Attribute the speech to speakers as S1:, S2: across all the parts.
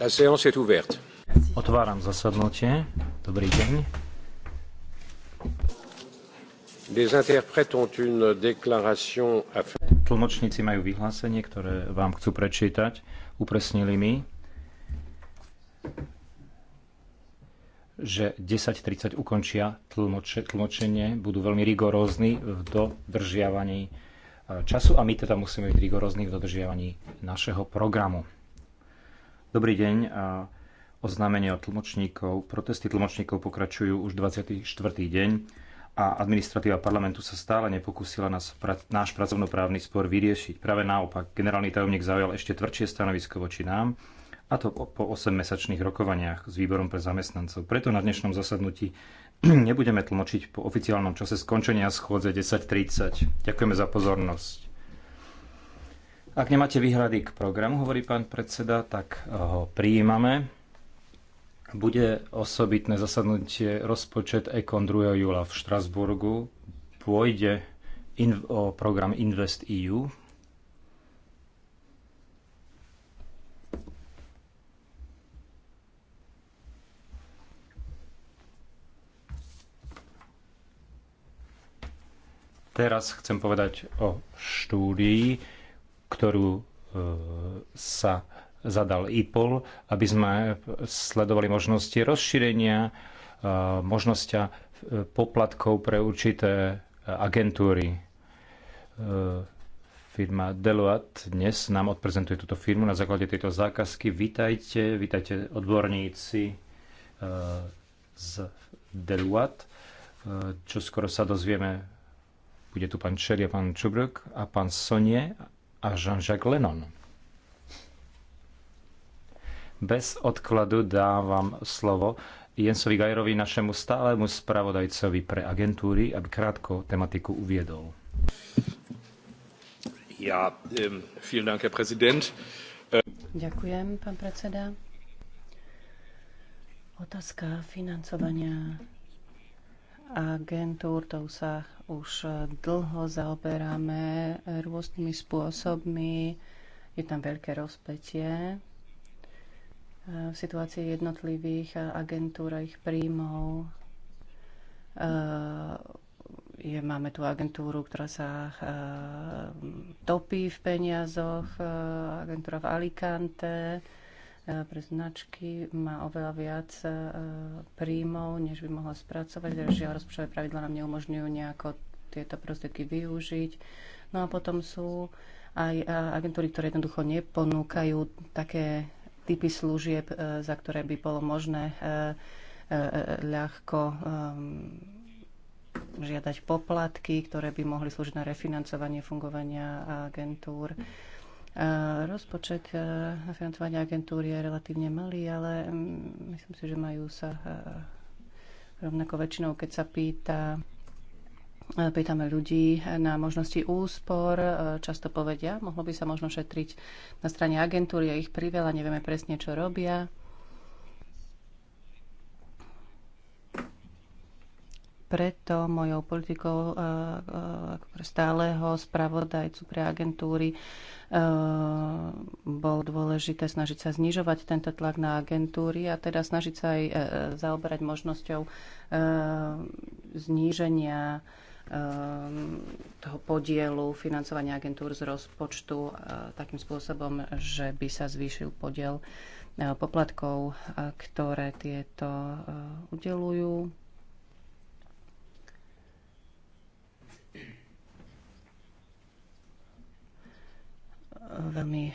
S1: La séance est ouverte. Otváram zasadnutie. Dobrý deň. Les interprètes ont une déclaration à faire. Tlmočníci majú vyhlásenie, ktoré vám chcú prečítať. Upresnili mi, že 10.30 ukončia tlmoče, tlmočenie, budú veľmi rigorózni v dodržiavaní eh, času a my teda musíme byť rigorózni v dodržiavaní našeho programu. Dobrý deň. Oznámenie od tlmočníkov. Protesty tlmočníkov pokračujú už 24. deň a administratíva parlamentu sa stále nepokúsila nás, pra, náš pracovnoprávny spor vyriešiť. Práve naopak, generálny tajomník zaujal ešte tvrdšie stanovisko voči nám, a to po 8-mesačných rokovaniach s výborom pre zamestnancov. Preto na dnešnom zasadnutí nebudeme tlmočiť po oficiálnom čase skončenia schôdze 10.30. Ďakujeme za pozornosť. Ak nemáte výhrady k programu, hovorí pán predseda, tak eh, ho prijímame. Bude osobitné zasadnutie rozpočet EKON 2. júla v Štrasburgu. Pôjde in, o program Invest EU. Teraz chcem povedať o štúdii ktorú e, sa zadal IPOL, aby sme sledovali možnosti rozšírenia, e, možnosti e, poplatkov pre určité agentúry. Firma Deloitte dnes nám odprezentuje túto firmu na základe tejto zákazky. Vítajte, vítajte odborníci z Deloitte. Čo skoro sa dozvieme, bude tu pán Čeri pán Čubrok a pán Sonie a Jean-Jacques Lennon. Bez odkladu dávam slovo Jensovi Gajerovi, našemu stálemu spravodajcovi pre agentúry, aby krátko tematiku uviedol. Ja, um, vielen Dank, Herr Präsident.
S2: Ďakujem, pán predseda. Otázka financovania agentúr, to sa už dlho zaoberáme rôznymi spôsobmi. Je tam veľké rozpetie e, v situácii jednotlivých agentúr a ich príjmov. E, je, máme tu agentúru, ktorá sa e, topí v peniazoch, agentúra v Alicante, E, pre značky má oveľa viac e, príjmov, než by mohla spracovať. Žiaľ, rozpočtové pravidla nám neumožňujú nejako tieto prostriedky využiť. No a potom sú aj e, agentúry, ktoré jednoducho neponúkajú také typy služieb, za ktoré by bolo možné ľahko ehm, žiadať poplatky, ktoré by mohli slúžiť na refinancovanie fungovania agentúr. Mm Rozpočet na financovanie agentúry je relatívne malý, ale mm, myslím si, že majú sa rovnako väčšinou, keď sa pýta, pýtame ľudí na možnosti úspor, často povedia, mohlo by sa možno šetriť na strane agentúry, ich priveľa, nevieme presne, čo robia. Preto mojou politikou e, e, stáleho spravodajcu pre agentúry e, bol dôležité snažiť sa znižovať tento tlak na agentúry a teda snažiť sa aj zaoberať možnosťou zníženia toho podielu financovania agentúr z rozpočtu takým spôsobom, že by sa zvýšil podiel poplatkov, ktoré tieto udelujú. Veľmi e,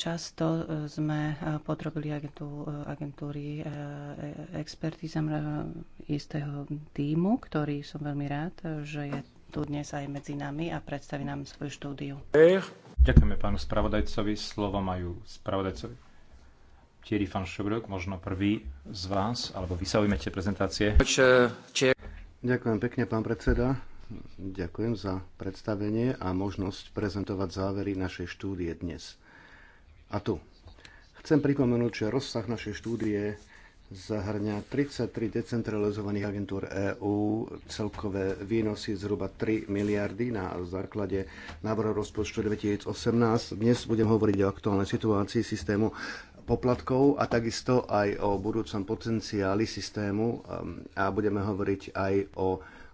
S2: často e, sme e, podrobili agentú, agentúry expertízam istého týmu, ktorý som veľmi rád, že je tu dnes aj medzi nami a predstaví nám svoju štúdiu.
S1: Ďakujeme pánu spravodajcovi. Slovo majú spravodajcovi. Thierry van Schobrok, možno prvý z vás, alebo vy sa ujmete prezentácie.
S3: Ďakujem pekne, pán predseda. Ďakujem za predstavenie a možnosť prezentovať závery našej štúdie dnes. A tu. Chcem pripomenúť, že rozsah našej štúdie zahrňa 33 decentralizovaných agentúr EÚ, celkové výnosy zhruba 3 miliardy na základe návrhu rozpočtu 2018. Dnes budem hovoriť o aktuálnej situácii systému poplatkov a takisto aj o budúcom potenciáli systému a budeme hovoriť aj o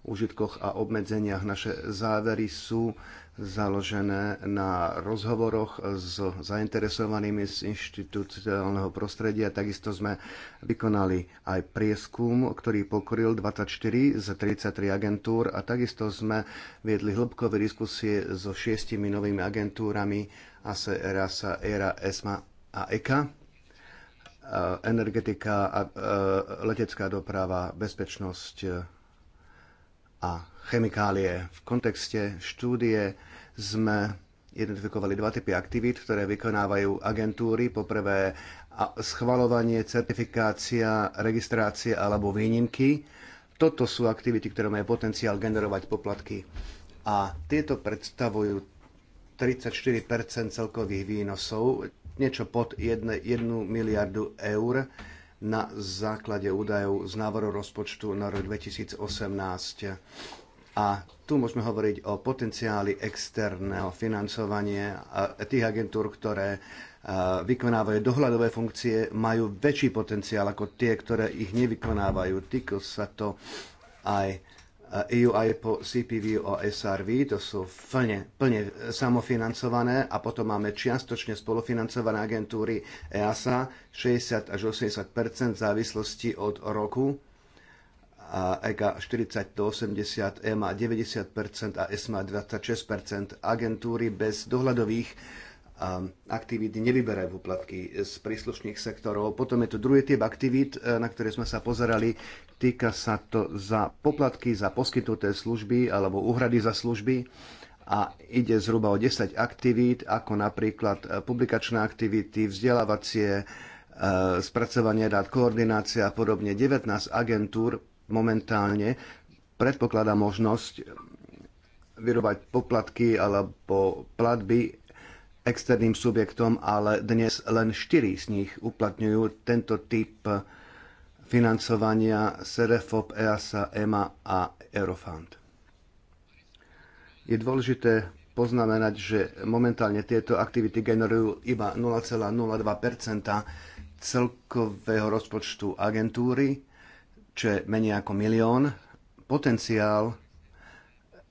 S3: užitkoch a obmedzeniach. Naše závery sú založené na rozhovoroch s zainteresovanými z inštitúciálneho prostredia. Takisto sme vykonali aj prieskum, ktorý pokryl 24 z 33 agentúr a takisto sme viedli hĺbkové diskusie so šiestimi novými agentúrami ASE, ERASA, ERA, ESMA a EKA energetika, e, letecká doprava, bezpečnosť a chemikálie. V kontexte štúdie sme identifikovali dva typy aktivít, ktoré vykonávajú agentúry. Poprvé schvalovanie, certifikácia, registrácie alebo výnimky. Toto sú aktivity, ktoré majú potenciál generovať poplatky. A tieto predstavujú 34 celkových výnosov, niečo pod 1 miliardu eur na základe údajov z návrhu rozpočtu na rok 2018. A tu môžeme hovoriť o potenciáli externého financovania tých agentúr, ktoré e, vykonávajú dohľadové funkcie, majú väčší potenciál ako tie, ktoré ich nevykonávajú. Týkal sa to aj EU po CPV a SRV, to sú plne, plne samofinancované a potom máme čiastočne spolufinancované agentúry EASA 60 až 80 v závislosti od roku a EGA 40 do 80, EMA 90 a ESMA 26 e agentúry bez dohľadových Um, aktivity nevyberajú úplatky z príslušných sektorov. Potom je tu druhý typ aktivít, e, na ktoré sme sa pozerali. Týka sa to za poplatky za poskytnuté služby alebo úhrady za služby a ide zhruba o 10 aktivít, ako napríklad e, publikačné aktivity, vzdelávacie, e, spracovanie dát, koordinácia a podobne. 19 agentúr momentálne predpokladá možnosť vyrobať poplatky alebo platby externým subjektom, ale dnes len štyri z nich uplatňujú tento typ financovania SEREFOP, EASA, EMA a Eurofund. Je dôležité poznamenať, že momentálne tieto aktivity generujú iba 0,02 celkového rozpočtu agentúry, čo je menej ako milión. Potenciál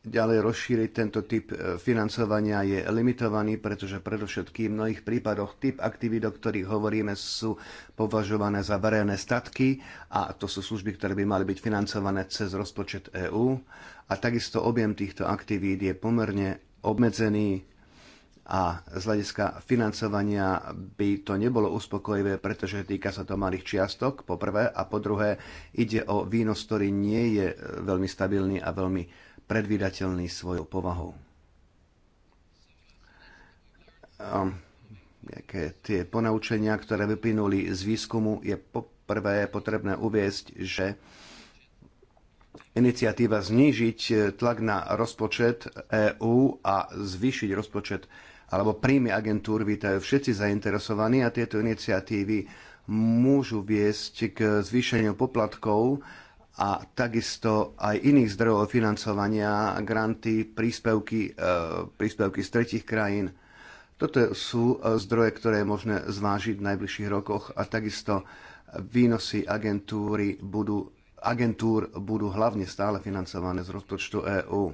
S3: ďalej rozšíriť tento typ e, financovania je limitovaný, pretože predovšetkým v mnohých prípadoch typ aktivít, o ktorých hovoríme, sú považované za verejné statky a to sú služby, ktoré by mali byť financované cez rozpočet EÚ a takisto objem týchto aktivít je pomerne obmedzený a z hľadiska financovania by to nebolo uspokojivé, pretože týka sa to malých čiastok, po prvé, a po druhé ide o výnos, ktorý nie je e, veľmi stabilný a veľmi predvídateľný svojou povahou. A tie ponaučenia, ktoré vyplynuli z výskumu, je poprvé potrebné uviesť, že iniciatíva znížiť tlak na rozpočet EÚ a zvýšiť rozpočet alebo príjmy agentúr vítajú všetci zainteresovaní a tieto iniciatívy môžu viesť k zvýšeniu poplatkov a takisto aj iných zdrojov financovania, granty, príspevky, e, príspevky z tretich krajín. Toto sú e, zdroje, ktoré je možné zvážiť v najbližších rokoch a takisto výnosy agentúry budú, agentúr budú hlavne stále financované z rozpočtu EÚ.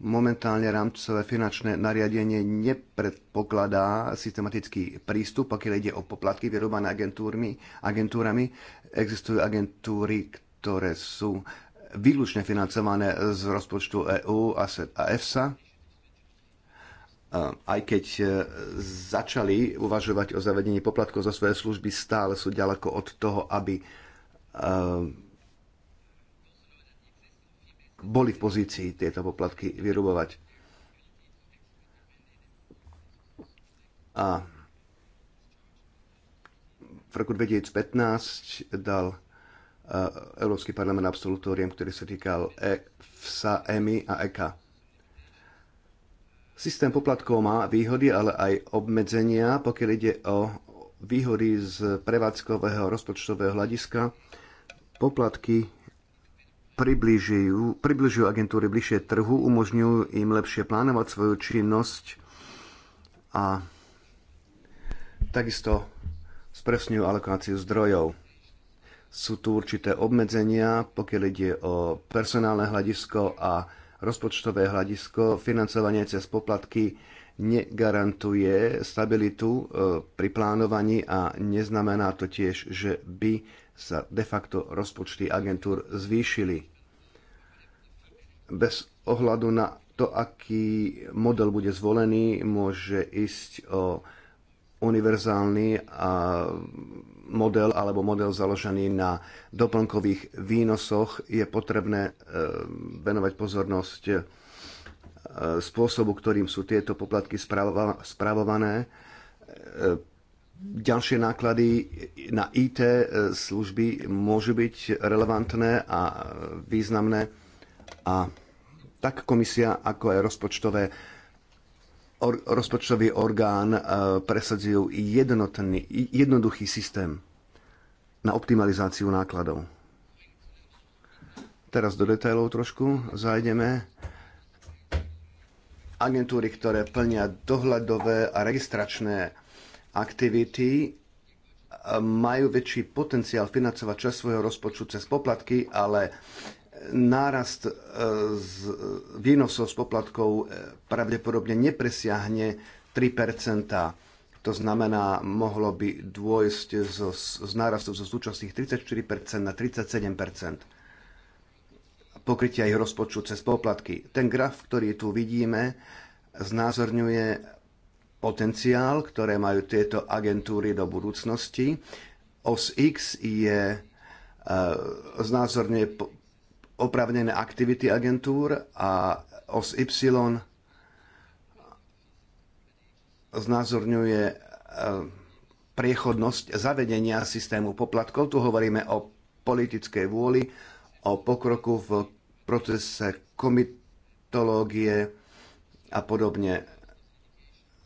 S3: Momentálne rámcové finančné nariadenie nepredpokladá systematický prístup, pokiaľ ide o poplatky vyrobané agentúrmi, agentúrami. Existujú agentúry, ktoré sú výlučne financované z rozpočtu EÚ a EFSA. Aj keď e, začali uvažovať o zavedení poplatkov za svoje služby, stále sú ďaleko od toho, aby e, boli v pozícii tieto poplatky vyrubovať. A v roku 2015 dal Eh, Európsky parlament absolutóriem, ktorý sa týkal EFSA, EMI a EK. Systém poplatkov má výhody, ale aj obmedzenia, pokiaľ ide o výhody z prevádzkového rozpočtového hľadiska. Poplatky približujú agentúry bližšie trhu, umožňujú im lepšie plánovať svoju činnosť a takisto spresňujú alokáciu zdrojov sú tu určité obmedzenia, pokiaľ ide o personálne hľadisko a rozpočtové hľadisko. Financovanie cez poplatky negarantuje stabilitu e, pri plánovaní a neznamená to tiež, že by sa de facto rozpočty agentúr zvýšili. Bez ohľadu na to, aký model bude zvolený, môže ísť o univerzálny model alebo model založený na doplnkových výnosoch je potrebné e, venovať pozornosť e, spôsobu, ktorým sú tieto poplatky spravované. E, ďalšie náklady na IT služby môžu byť relevantné a významné a tak komisia, ako aj rozpočtové or, rozpočtový orgán e, presadil jednotný, jednoduchý systém na optimalizáciu nákladov. Teraz do detailov trošku zajdeme. Agentúry, ktoré plnia dohľadové a registračné aktivity, e, majú väčší potenciál financovať čas svojho rozpočtu cez poplatky, ale nárast e, z e, výnosov z poplatkov e, pravdepodobne nepresiahne 3 To znamená, mohlo by dôjsť zo, z nárastu zo súčasných 34 na 37 pokrytia ich rozpočtu cez poplatky. Ten graf, ktorý tu vidíme, znázorňuje potenciál, ktoré majú tieto agentúry do budúcnosti. OSX X je znázorňuje opravnené aktivity agentúr a OS Y znázorňuje e, priechodnosť zavedenia systému poplatkov. Tu hovoríme o politickej vôli, o pokroku v procese komitológie a podobne.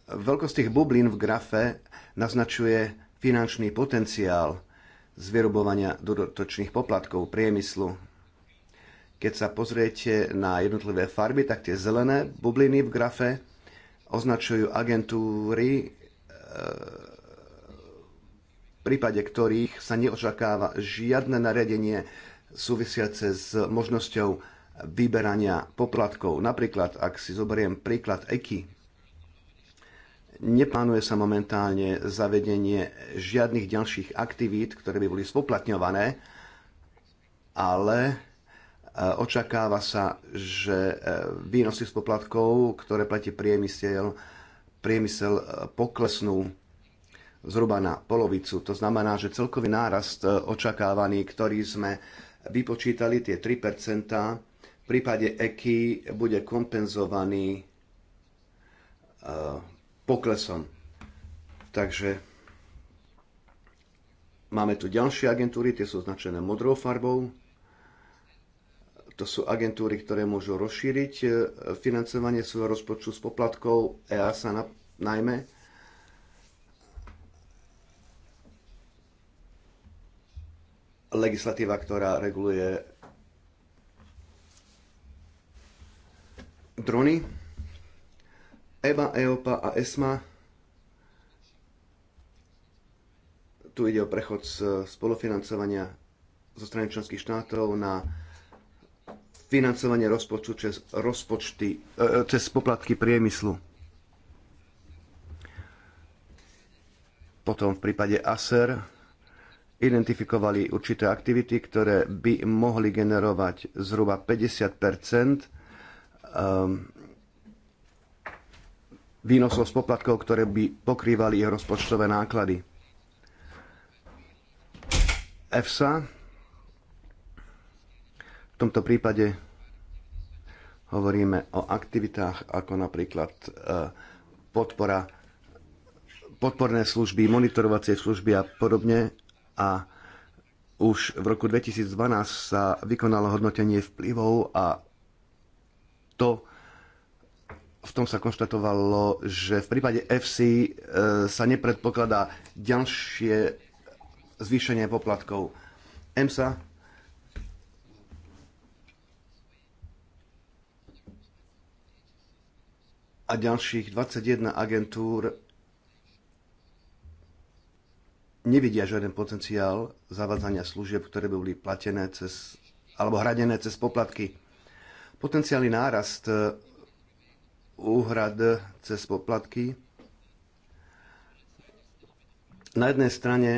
S3: Veľkosť tých bublín v grafe naznačuje finančný potenciál z dodatočných poplatkov priemyslu keď sa pozriete na jednotlivé farby, tak tie zelené bubliny v grafe označujú agentúry, e, v prípade ktorých sa neočakáva žiadne nariadenie súvisiace s možnosťou vyberania poplatkov. Napríklad, ak si zoberiem príklad EKI, neplánuje sa momentálne zavedenie žiadnych ďalších aktivít, ktoré by boli spoplatňované, ale E, očakáva sa, že e, výnosy z poplatkov, ktoré platí priemysel, priemysel e, poklesnú zhruba na polovicu. To znamená, že celkový nárast očakávaný, ktorý sme vypočítali, tie 3%, v prípade EKI bude kompenzovaný poklesom. Takže máme tu ďalšie agentúry, tie sú značené modrou farbou to sú agentúry, ktoré môžu rozšíriť e, financovanie svojho rozpočtu s poplatkov, EASA na, najmä. Legislatíva, ktorá reguluje drony. EBA, EOPA a ESMA. E tu ide o prechod z spolufinancovania zo strany členských štátov na financovanie rozpočtu cez, rozpočty, e, e, cez poplatky priemyslu. Potom v prípade ASER identifikovali určité aktivity, ktoré by mohli generovať zhruba 50 ehm, výnosov z poplatkov, ktoré by pokrývali ich rozpočtové náklady. EFSA v tomto prípade hovoríme o aktivitách ako napríklad e, podpora, podporné služby, monitorovacie služby a podobne. A už v roku 2012 sa vykonalo hodnotenie vplyvov a to v tom sa konštatovalo, že v prípade FC e, sa nepredpokladá ďalšie zvýšenie poplatkov. EMSA a ďalších 21 agentúr nevidia žiaden potenciál zavádzania služieb, ktoré by boli platené cez, alebo hradené cez poplatky. Potenciálny nárast e, úhrad cez poplatky na jednej strane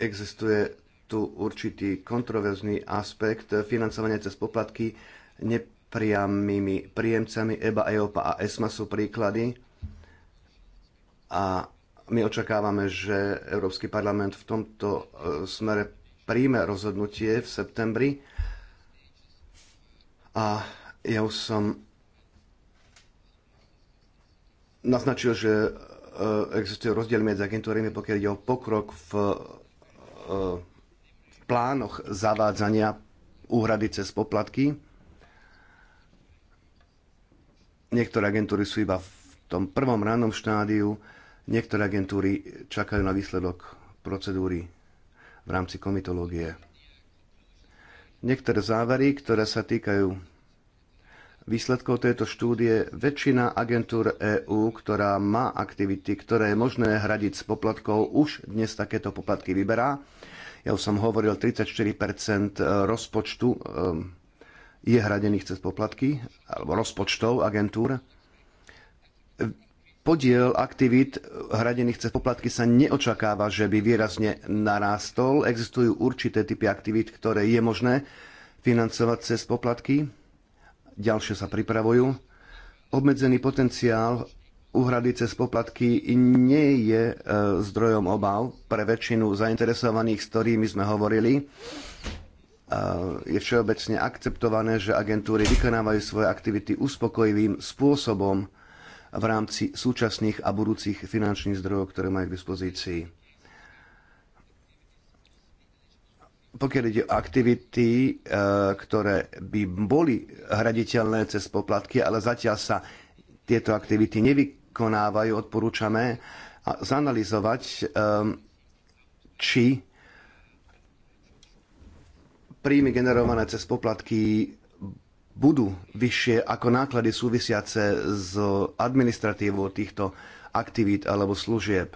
S3: existuje tu určitý kontroverzný aspekt financovania cez poplatky ne priamými príjemcami. EBA, EOPA a ESMA sú príklady. A my očakávame, že Európsky parlament v tomto e, smere príjme rozhodnutie v septembri. A ja už som naznačil, že e, existuje rozdiel medzi agentúrami, pokiaľ ide o pokrok v e, plánoch zavádzania úhrady cez poplatky. Niektoré agentúry sú iba v tom prvom rannom štádiu, niektoré agentúry čakajú na výsledok procedúry v rámci komitológie. Niektoré závery, ktoré sa týkajú výsledkov tejto štúdie, väčšina agentúr EÚ, ktorá má aktivity, ktoré je možné hradiť s poplatkou, už dnes takéto poplatky vyberá. Ja už som hovoril, 34 rozpočtu ehm, je hradených cez poplatky alebo rozpočtov agentúr. Podiel aktivít hradených cez poplatky sa neočakáva, že by výrazne narástol. Existujú určité typy aktivít, ktoré je možné financovať cez poplatky. Ďalšie sa pripravujú. Obmedzený potenciál uhrady cez poplatky nie je e, zdrojom obav pre väčšinu zainteresovaných, s ktorými sme hovorili je všeobecne akceptované, že agentúry vykonávajú svoje aktivity uspokojivým spôsobom v rámci súčasných a budúcich finančných zdrojov, ktoré majú k dispozícii. Pokiaľ ide o aktivity, e, ktoré by boli hraditeľné cez poplatky, ale zatiaľ sa tieto aktivity nevykonávajú, odporúčame zanalizovať, e, či príjmy generované cez poplatky budú vyššie ako náklady súvisiace s administratívou týchto aktivít alebo služieb.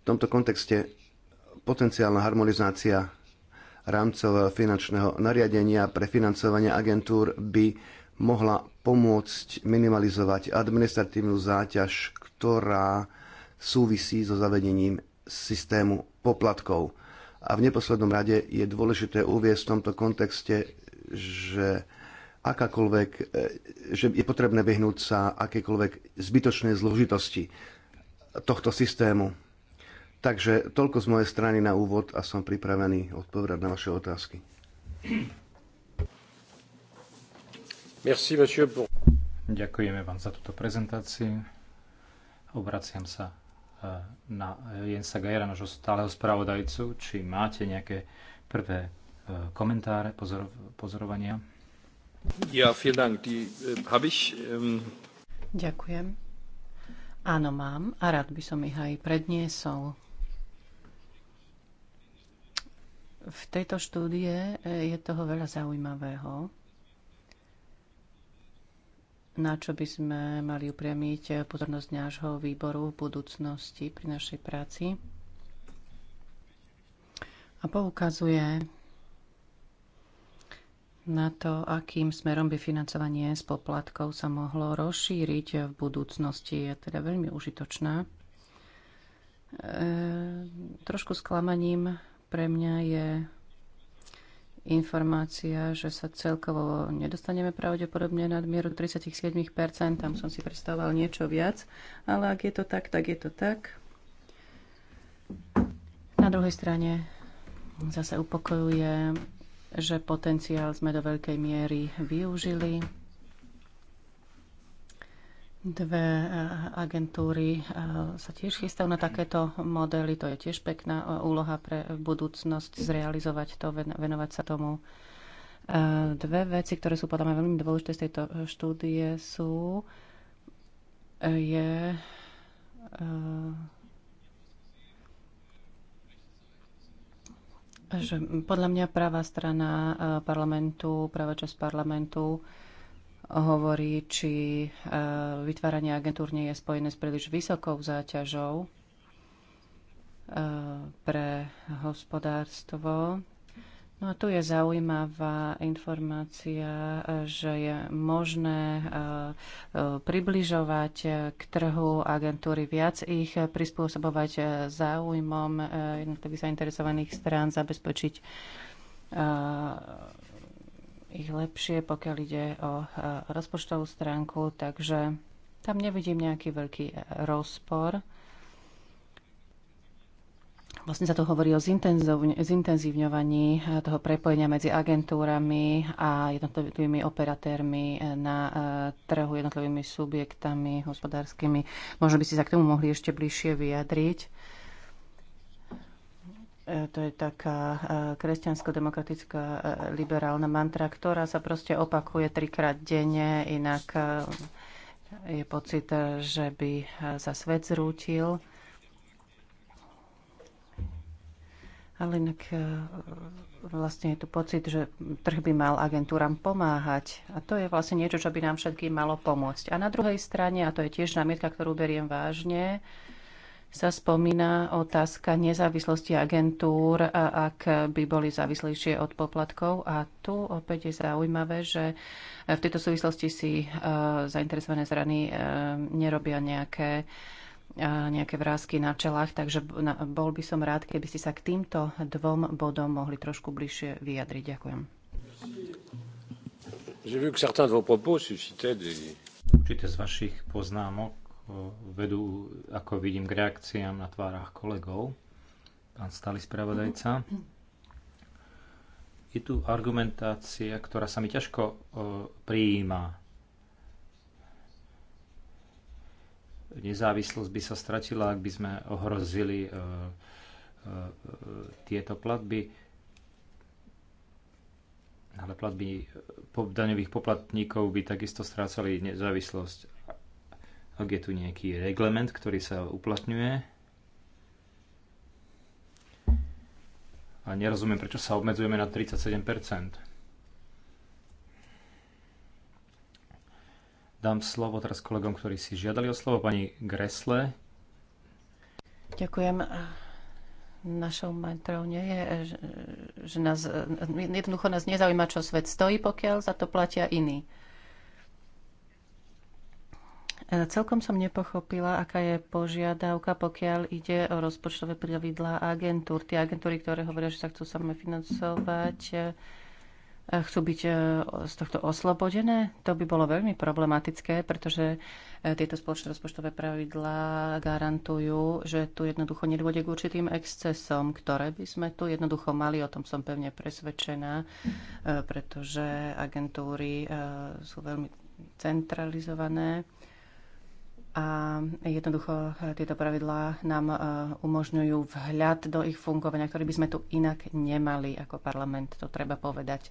S3: V tomto kontexte potenciálna harmonizácia rámcového finančného nariadenia pre financovanie agentúr by mohla pomôcť minimalizovať administratívnu záťaž, ktorá súvisí so zavedením systému poplatkov. A v neposlednom rade je dôležité uviesť v tomto kontexte, že akákoľvek, e, že je potrebné vyhnúť sa akékoľvek zbytočnej zložitosti tohto systému. Takže toľko z mojej strany na úvod a som pripravený odpovedať na vaše otázky.
S1: Merci, monsieur. Ďakujeme vám za túto prezentáciu. Obraciam sa E, na Jensa Gajera, nášho stáleho spravodajcu, či máte nejaké prvé e, komentáre, pozor, pozorovania. Ja, vielen Dank. Die, äh, ich, ähm...
S2: Ďakujem. Áno, mám a rád by som ich aj predniesol. V tejto štúdie e, je toho veľa zaujímavého na čo by sme mali upriamiť pozornosť nášho výboru v budúcnosti pri našej práci. A poukazuje na to, akým smerom by financovanie z poplatkov sa mohlo rozšíriť v budúcnosti. Je teda veľmi užitočná. E, trošku sklamaním pre mňa je informácia, že sa celkovo nedostaneme pravdepodobne nad mieru 37%, tam som si predstavoval niečo viac, ale ak je to tak, tak je to tak. Na druhej strane zase upokojuje, že potenciál sme do veľkej miery využili Dve e, agentúry e, sa tiež chystajú na takéto modely. To je tiež pekná e, úloha pre budúcnosť zrealizovať to, venovať sa tomu. Dve veci, ktoré sú podľa mňa veľmi dôležité z tejto štúdie sú, je že podľa mňa pravá strana parlamentu, pravá časť parlamentu hovorí, či e, vytváranie agentúr nie je spojené s príliš vysokou záťažou e, pre hospodárstvo. No a tu je zaujímavá informácia, že je možné e, približovať k trhu agentúry viac, ich prispôsobovať záujmom jednotlivých zainteresovaných strán, zabezpečiť ich lepšie, pokiaľ ide o e, rozpočtovú stránku, takže tam nevidím nejaký veľký e, rozpor. Vlastne sa tu hovorí o zintenzívňovaní e, toho prepojenia medzi agentúrami a jednotlivými operatérmi na trhu, jednotlivými subjektami hospodárskymi. Možno by ste sa k tomu mohli ešte bližšie vyjadriť E, to je taká e, kresťansko-demokratická e, liberálna mantra, ktorá sa proste opakuje trikrát denne, inak je pocit, že by sa svet zrútil. Ale inak vlastne je tu pocit, že trh by mal agentúram pomáhať. A to je vlastne niečo, čo by nám všetkým malo pomôcť. A na druhej strane, a to je tiež námietka, ktorú beriem vážne, sa spomína otázka nezávislosti agentúr, ak by boli závislejšie od poplatkov. A tu opäť je zaujímavé, že v tejto súvislosti si e, zainteresované strany e, nerobia nejaké e, nejaké vrázky na čelách, takže bol by som rád, keby ste sa k týmto dvom bodom mohli trošku bližšie vyjadriť. Ďakujem.
S1: Určite z vašich poznámok vedú, ako vidím, k reakciám na tvárach kolegov. Pán stály spravodajca. Je tu argumentácia, ktorá sa mi ťažko prijíma. Nezávislosť by sa stratila, ak by sme ohrozili tieto platby. Ale platby daňových poplatníkov by takisto strácali nezávislosť ak je tu nejaký reglement, ktorý sa uplatňuje. A nerozumiem, prečo sa obmedzujeme na 37%. Dám slovo teraz kolegom, ktorí si žiadali o slovo. Pani Gresle.
S2: Ďakujem. Našou mantrou nie je, že, nás, jednoducho nás nezaujíma, čo svet stojí, pokiaľ za to platia iní. Celkom som nepochopila, aká je požiadavka, pokiaľ ide o rozpočtové pravidlá agentúr. Tie agentúry, ktoré hovoria, že sa chcú samé financovať, e, chcú byť e, z tohto oslobodené. To by bolo veľmi problematické, pretože e, tieto spoločné rozpočtové pravidlá garantujú, že tu jednoducho nedôjde k určitým excesom, ktoré by sme tu jednoducho mali. O tom som pevne presvedčená, pretože agentúry sú veľmi centralizované a jednoducho eh, tieto pravidlá nám eh, umožňujú vhľad do ich fungovania, ktorý by sme tu inak nemali ako parlament, to treba povedať.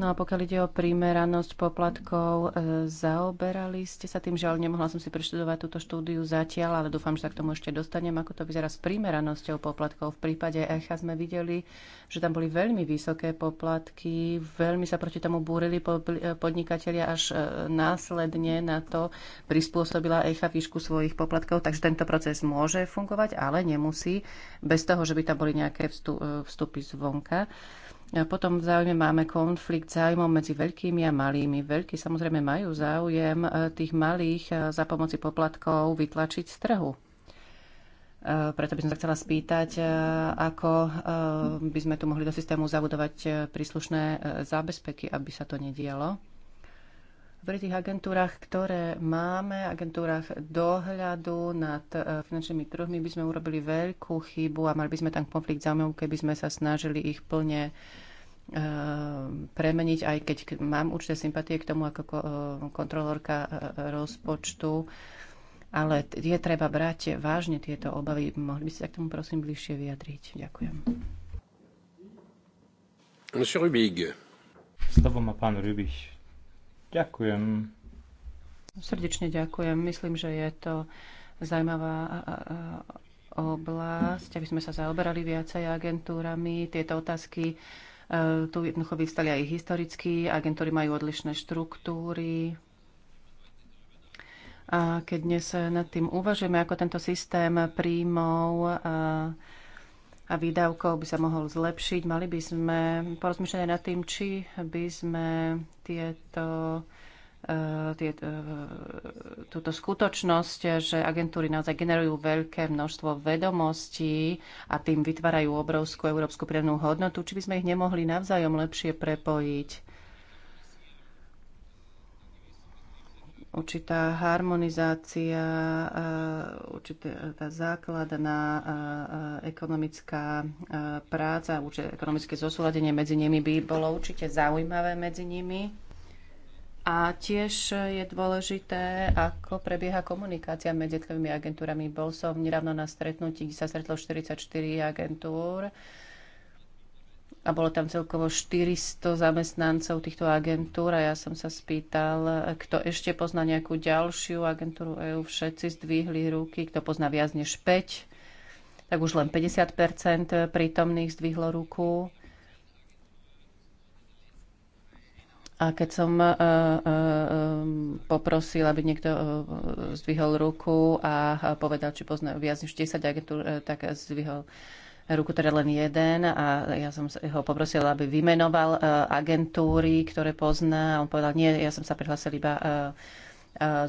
S2: No a pokiaľ ide o primeranosť poplatkov, e, zaoberali ste sa tým, žiaľ nemohla som si preštudovať túto štúdiu zatiaľ, ale dúfam, že sa k tomu ešte dostanem, ako to vyzerá s primeranosťou poplatkov. V prípade ECHA sme videli, že tam boli veľmi vysoké poplatky, veľmi sa proti tomu búrili e, podnikatelia, až e, následne na to prispôsobila ECHA výšku svojich poplatkov, takže tento proces môže fungovať, ale nemusí, bez toho, že by tam boli nejaké vstupy zvonka. A potom v záujme máme konflikt záujmov medzi veľkými a malými. Veľkí samozrejme majú záujem e, tých malých e, za pomoci poplatkov vytlačiť z trhu. E, preto by som sa chcela spýtať, ako by sme tu mohli do systému zabudovať príslušné zábezpeky, aby sa to nedialo pri tých agentúrach, ktoré máme, agentúrach dohľadu nad e, finančnými trhmi, by sme urobili veľkú chybu a mali by sme tam konflikt záujmov, keby sme sa snažili ich plne e, premeniť, aj keď mám určité sympatie k tomu ako e, kontrolórka rozpočtu, ale je treba brať vážne tieto obavy. Mohli by ste sa k tomu prosím bližšie vyjadriť. Ďakujem. Monsieur Rubig.
S1: Slovo má pán Rubiš. Ďakujem.
S2: Srdečne ďakujem. Myslím, že je to zaujímavá oblasť, aby sme sa zaoberali viacej agentúrami. Tieto otázky e, tu jednoducho vyvstali aj historicky. Agentúry majú odlišné štruktúry. A keď dnes nad tým uvažujeme, ako tento systém príjmov e, a výdavkov by sa mohol zlepšiť. Mali by sme porozmýšľať nad tým, či by sme tieto e, tie, e, túto skutočnosť, že agentúry naozaj generujú veľké množstvo vedomostí a tým vytvárajú obrovskú európsku pridanú hodnotu, či by sme ich nemohli navzájom lepšie prepojiť určitá harmonizácia, eh, určitá eh, základná eh, ekonomická práca, určité ekonomické zosúladenie medzi nimi by bolo určite zaujímavé medzi nimi. A tiež je dôležité, ako prebieha komunikácia medzi jednotlivými agentúrami. Bol som nedávno na stretnutí, kde sa stretlo 44 agentúr a bolo tam celkovo 400 zamestnancov týchto agentúr a ja som sa spýtal, kto ešte pozná nejakú ďalšiu agentúru EU Všetci zdvihli ruky, kto pozná viac než 5, tak už len 50 prítomných zdvihlo ruku. A keď som uh, uh, poprosil, aby niekto uh, zdvihol ruku a povedal, či pozná viac než 10 agentúr, tak zdvihol uh, ruku teda len jeden a ja som ho poprosila, aby vymenoval e, agentúry, ktoré pozná. On povedal, nie, ja som sa prihlásil iba e, e,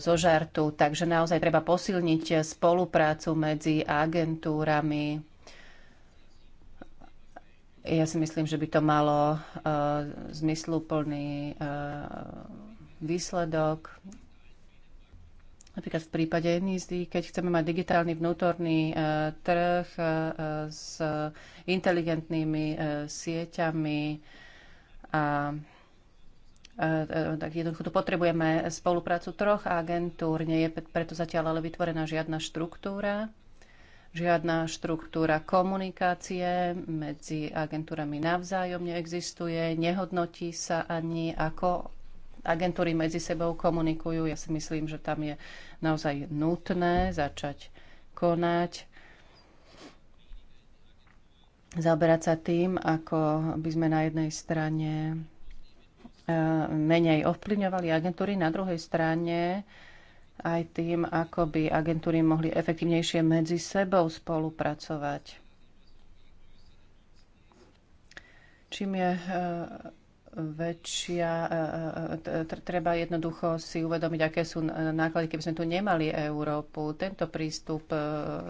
S2: zo žartu. Takže naozaj treba posilniť spoluprácu medzi agentúrami. Ja si myslím, že by to malo zmysluplný výsledok. Napríklad v prípade NISD, keď chceme mať digitálny vnútorný e, trh e, s inteligentnými e, sieťami a tak jednoducho tu potrebujeme spoluprácu troch agentúr. Nie je preto zatiaľ ale vytvorená žiadna štruktúra, žiadna štruktúra komunikácie medzi agentúrami navzájom neexistuje, nehodnotí sa ani, ako agentúry medzi sebou komunikujú. Ja si myslím, že tam je naozaj nutné začať konať, Zaberať sa tým, ako by sme na jednej strane e, menej ovplyvňovali agentúry, na druhej strane aj tým, ako by agentúry mohli efektívnejšie medzi sebou spolupracovať. Čím je e, väčšia, e, e, e, treba jednoducho si uvedomiť, aké sú náklady, keby sme tu nemali Európu. Tento prístup,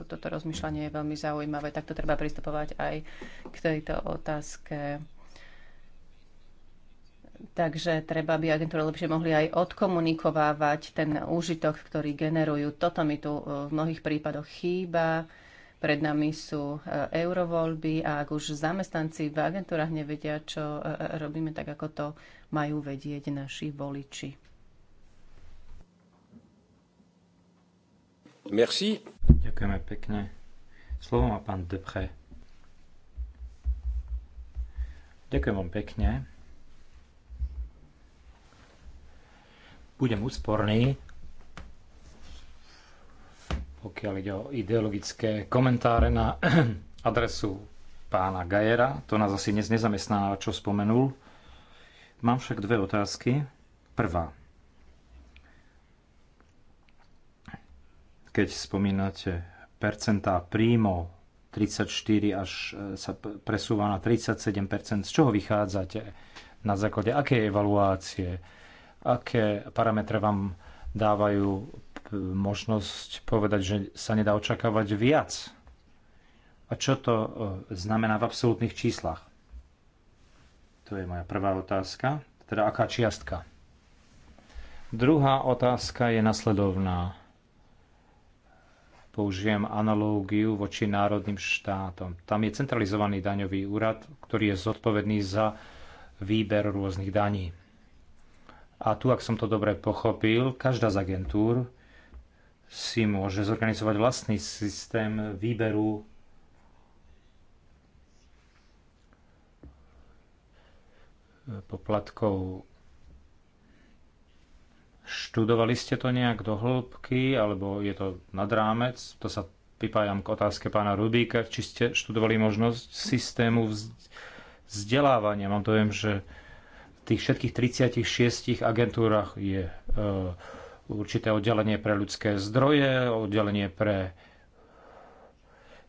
S2: toto rozmýšľanie je veľmi zaujímavé, takto treba pristupovať aj k tejto otázke. Takže treba by agentúry lepšie mohli aj odkomunikovávať ten úžitok, ktorý generujú. Toto mi tu v mnohých prípadoch chýba pred nami sú e, eurovoľby a ak už zamestnanci v agentúrach nevedia, čo e, e, robíme, tak ako to majú vedieť naši voliči.
S1: Merci. Ďakujeme pekne. Slovo má pán Depré. Ďakujem vám pekne. Budem úsporný pokiaľ ide o ideologické komentáre na adresu pána Gajera. To nás asi dnes nezamestná, čo spomenul. Mám však dve otázky. Prvá. Keď spomínate percentá príjmo 34 až e, sa presúva na 37 z čoho vychádzate? Na základe aké evaluácie? Aké parametre vám dávajú možnosť povedať, že sa nedá očakávať viac. A čo to e, znamená v absolútnych číslach? To je moja prvá otázka. Teda aká čiastka? Druhá otázka je nasledovná. Použijem analógiu voči národným štátom. Tam je centralizovaný daňový úrad, ktorý je zodpovedný za výber rôznych daní. A tu, ak som to dobre pochopil, každá z agentúr si môže zorganizovať vlastný systém výberu poplatkov. Študovali ste to nejak do hĺbky, alebo je to nad rámec? To sa pripájam k otázke pána Rubíka, či ste študovali možnosť systému vzdelávania. Mám to viem, že v tých všetkých 36 agentúrach je uh, určité oddelenie pre ľudské zdroje, oddelenie pre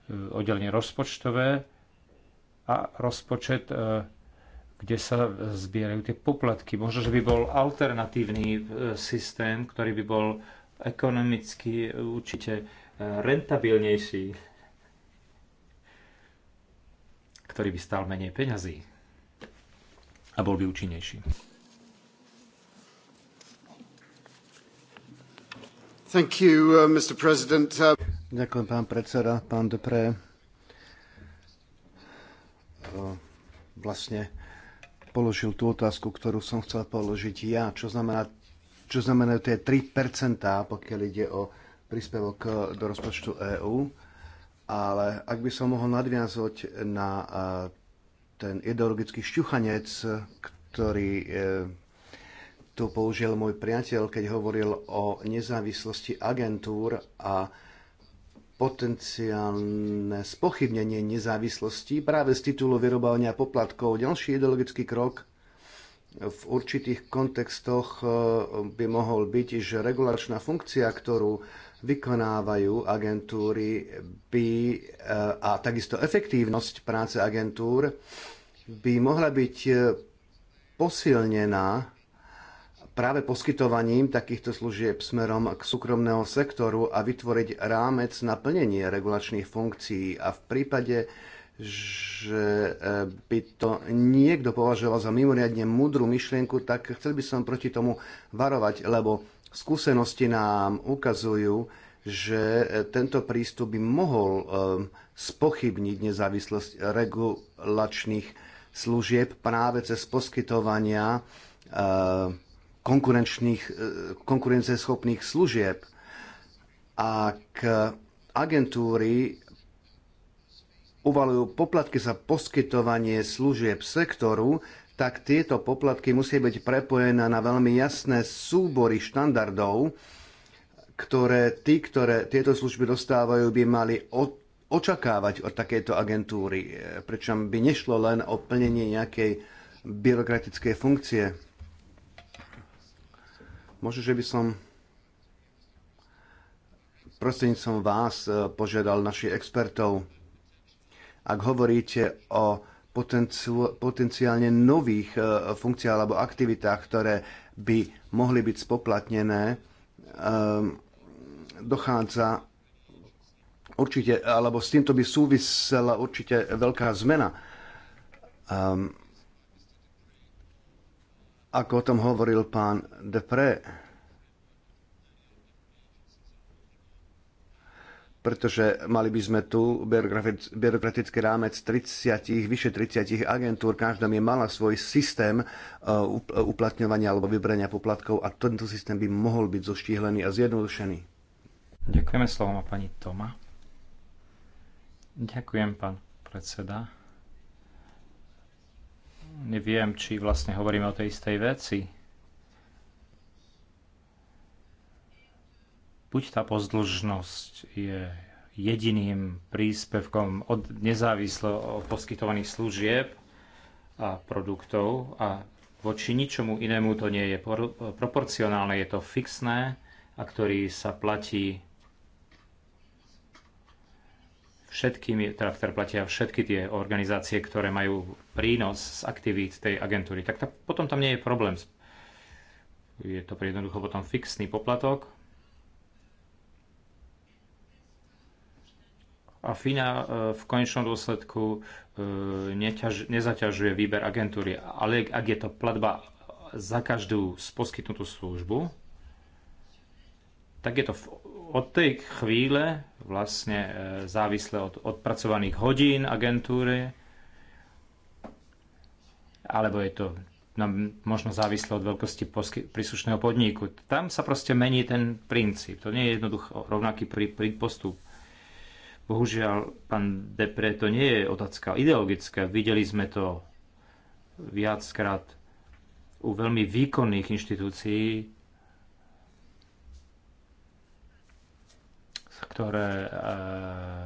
S1: e, oddelenie rozpočtové a rozpočet, e, kde sa zbierajú tie poplatky. Možno, že by bol alternatívny e, systém, ktorý by bol ekonomicky určite rentabilnejší, ktorý by stál menej peňazí a bol by účinnejší.
S3: Thank you, uh, Mr. President. Uh... Ďakujem, pán predseda, pán Depré. Vlastne položil tú otázku, ktorú som chcel položiť ja. Čo znamená čo znamenajú tie 3%, pokiaľ ide o príspevok uh, do rozpočtu EÚ. Ale ak by som mohol nadviazať na uh, ten ideologický šťuchanec, ktorý uh, tu použil môj priateľ, keď hovoril o nezávislosti agentúr a potenciálne spochybnenie nezávislosti práve z titulu vyrobovania poplatkov. Ďalší ideologický krok v určitých kontextoch e, by mohol byť, že regulačná funkcia, ktorú vykonávajú agentúry by, e, a takisto efektívnosť práce agentúr by mohla byť e, posilnená práve poskytovaním takýchto služieb smerom k súkromného sektoru a vytvoriť rámec na plnenie regulačných funkcií a v prípade, že eh, by to niekto považoval za mimoriadne múdru myšlienku, tak chcel by som proti tomu varovať, lebo skúsenosti nám ukazujú, že eh, tento prístup by mohol eh, spochybniť nezávislosť regulačných služieb práve cez poskytovania konkurenčných e, konkurenceschopných služieb. Ak agentúry uvalujú poplatky za poskytovanie služieb sektoru, tak tieto poplatky musia byť prepojené na veľmi jasné súbory štandardov, ktoré tí, ktoré tieto služby dostávajú, by mali očakávať od takéto agentúry, e, pričom by nešlo len o plnenie nejakej byrokratickej funkcie. Možno, že by som prostredníctvom vás e, požiadal našich expertov, ak hovoríte o potenciálne nových e, funkciách alebo aktivitách, ktoré by mohli byť spoplatnené, e, dochádza určite, alebo s týmto by súvisela určite veľká zmena. Um, ako o tom hovoril pán Depre, pretože mali by sme tu byrokratický rámec 30, vyše 30 agentúr, každá je mala svoj systém e, e, uplatňovania alebo vybrania poplatkov a tento systém by mohol byť zoštíhlený a zjednodušený.
S1: Ďakujeme slovom a pani Toma. Ďakujem, pán predseda. Neviem, či vlastne hovoríme o tej istej veci. Buď tá pozdĺžnosť je jediným príspevkom od nezávislo od poskytovaných služieb a produktov a voči ničomu inému to nie je proporcionálne, je to fixné a ktorý sa platí všetkými, teda, ktoré platia všetky tie organizácie, ktoré majú prínos z aktivít tej agentúry, tak to, potom tam nie je problém. Je to jednoducho potom fixný poplatok a FINA e, v konečnom dôsledku e, neťaž, nezaťažuje výber agentúry, ale ak je to platba za každú poskytnutú službu, tak je to v, od tej chvíle vlastne e, závisle od odpracovaných hodín agentúry, alebo je to no, možno závisle od veľkosti príslušného podniku. Tam sa proste mení ten princíp. To nie je jednoducho rovnaký prí, prí postup. Bohužiaľ, pán Depre, to nie je otázka ideologická. Videli sme to viackrát u veľmi výkonných inštitúcií, ktoré eh,